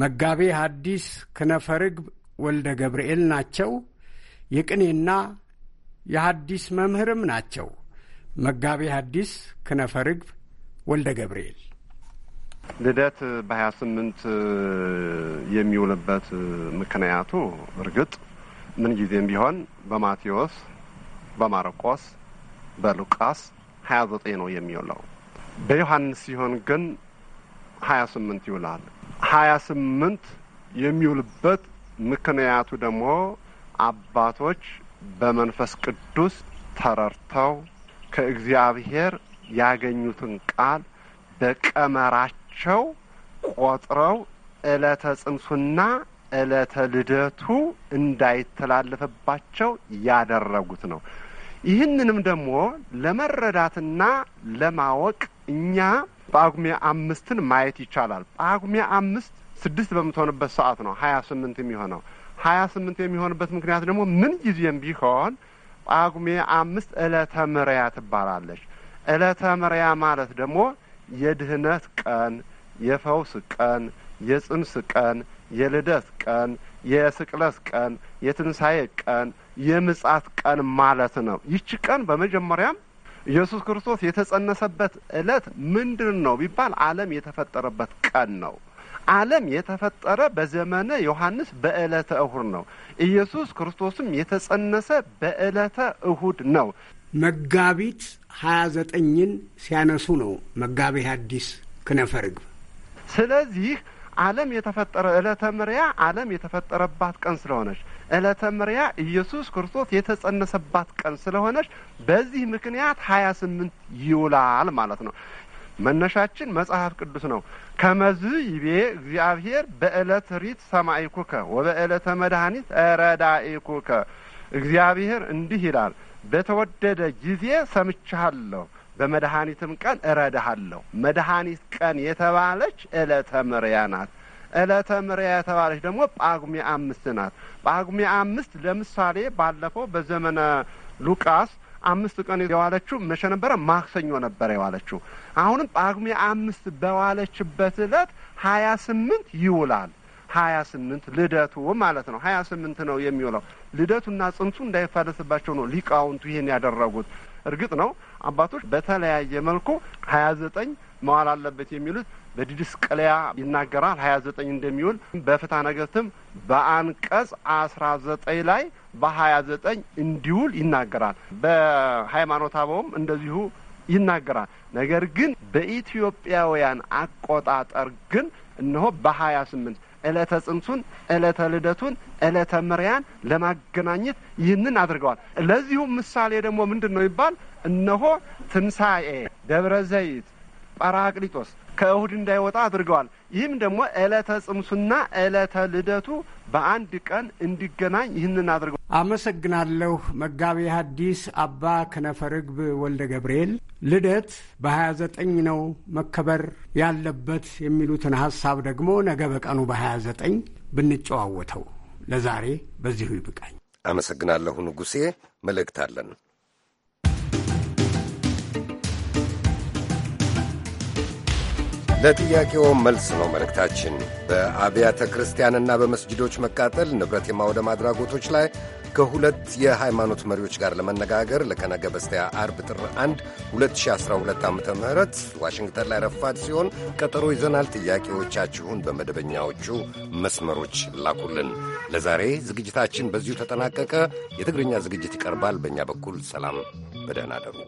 መጋቤ ሐዲስ ክነፈርግብ ወልደ ገብርኤል ናቸው። የቅኔና የሐዲስ መምህርም ናቸው። መጋቤ ሐዲስ ክነፈርግብ ወልደ ገብርኤል ልደት በ28 የሚውልበት ምክንያቱ እርግጥ ምን ጊዜም ቢሆን በማቴዎስ፣ በማርቆስ፣ በሉቃስ 29 ነው የሚውለው። በዮሐንስ ሲሆን ግን 28 ይውላል። 28 የሚውልበት ምክንያቱ ደግሞ አባቶች በመንፈስ ቅዱስ ተረድተው ከእግዚአብሔር ያገኙትን ቃል በቀመራ ናቸው ቆጥረው ዕለተ ጽንሱና ዕለተ ልደቱ እንዳይተላለፍባቸው ያደረጉት ነው። ይህንንም ደግሞ ለመረዳትና ለማወቅ እኛ ጳጉሜ አምስትን ማየት ይቻላል። ጳጉሜ አምስት ስድስት በምትሆንበት ሰዓት ነው ሀያ ስምንት የሚሆነው። ሀያ ስምንት የሚሆንበት ምክንያት ደግሞ ምን ጊዜም ቢሆን ጳጉሜ አምስት ዕለተ ምርያ ትባላለች። ዕለተ ምርያ ማለት ደግሞ የድህነት ቀን የፈውስ ቀን፣ የጽንስ ቀን፣ የልደት ቀን፣ የስቅለት ቀን፣ የትንሣኤ ቀን፣ የምጻት ቀን ማለት ነው። ይቺ ቀን በመጀመሪያም ኢየሱስ ክርስቶስ የተጸነሰበት ዕለት ምንድን ነው ቢባል ዓለም የተፈጠረበት ቀን ነው። ዓለም የተፈጠረ በዘመነ ዮሐንስ በዕለተ እሁድ ነው። ኢየሱስ ክርስቶስም የተጸነሰ በዕለተ እሁድ ነው። መጋቢት ሀያ ዘጠኝን ሲያነሱ ነው መጋቤ ሐዲስ ክነፈ ስለዚህ ዓለም የተፈጠረ ዕለተ ምርያ ዓለም የተፈጠረባት ቀን ስለሆነች ዕለተ ምርያ ኢየሱስ ክርስቶስ የተጸነሰባት ቀን ስለሆነች በዚህ ምክንያት ሀያ ስምንት ይውላል ማለት ነው። መነሻችን መጽሐፍ ቅዱስ ነው። ከመዝ ይቤ እግዚአብሔር በዕለት ሪት ሰማይኩከ ወበዕለተ መድኃኒት ረዳኢኩከ እግዚአብሔር እንዲህ ይላል፣ በተወደደ ጊዜ ሰምቻለሁ በመድኃኒትም ቀን እረዳሃለሁ። መድኃኒት ቀን የተባለች ዕለተ ምርያ ናት። ዕለተ ምርያ የተባለች ደግሞ ጳጉሜ አምስት ናት። ጳጉሜ አምስት ለምሳሌ ባለፈው በዘመነ ሉቃስ አምስት ቀን የዋለችው መቼ ነበረ? ማክሰኞ ነበረ የዋለችው። አሁንም ጳጉሜ አምስት በዋለችበት ዕለት ሀያ ስምንት ይውላል። ሀያ ስምንት ልደቱ ማለት ነው። ሀያ ስምንት ነው የሚውለው። ልደቱና ጽንሱ እንዳይፈለስባቸው ነው ሊቃውንቱ ይህን ያደረጉት። እርግጥ ነው አባቶች በተለያየ መልኩ ሀያ ዘጠኝ መዋል አለበት የሚሉት በዲድስቅልያ ይናገራል። ሀያ ዘጠኝ እንደሚውል በፍትሐ ነገሥትም በአንቀጽ አስራ ዘጠኝ ላይ በሀያ ዘጠኝ እንዲውል ይናገራል። በሃይማኖት አበውም እንደዚሁ ይናገራል። ነገር ግን በኢትዮጵያውያን አቆጣጠር ግን እነሆ በሀያ ስምንት እለተ ጽንሱን እለተ ልደቱን እለተ ምሪያን ለማገናኘት ይህንን አድርገዋል። ለዚሁም ምሳሌ ደግሞ ምንድን ነው ይባል እነሆ ትንሣኤ ደብረ ዘይት ጳራቅሊጦስ ከእሁድ እንዳይወጣ አድርገዋል። ይህም ደግሞ ዕለተ ጽምሱና ዕለተ ልደቱ በአንድ ቀን እንዲገናኝ ይህንን አድርገ አመሰግናለሁ። መጋቢ ሐዲስ አባ ከነፈ ርግብ ወልደ ገብርኤል ልደት በሀያ ዘጠኝ ነው መከበር ያለበት የሚሉትን ሀሳብ ደግሞ ነገ በቀኑ በሀያ ዘጠኝ ብንጨዋወተው ለዛሬ በዚሁ ይብቃኝ። አመሰግናለሁ ንጉሴ። መልእክት አለን። ለጥያቄው መልስ ነው መልእክታችን። በአብያተ ክርስቲያንና በመስጅዶች መቃጠል፣ ንብረት የማውደም አድራጎቶች ላይ ከሁለት የሃይማኖት መሪዎች ጋር ለመነጋገር ለከነገ በስቲያ አርብ ጥር 1 2012 ዓ ም ዋሽንግተን ላይ ረፋድ ሲሆን ቀጠሮ ይዘናል። ጥያቄዎቻችሁን በመደበኛዎቹ መስመሮች ላኩልን። ለዛሬ ዝግጅታችን በዚሁ ተጠናቀቀ። የትግርኛ ዝግጅት ይቀርባል። በእኛ በኩል ሰላም፣ በደህና አደሩ።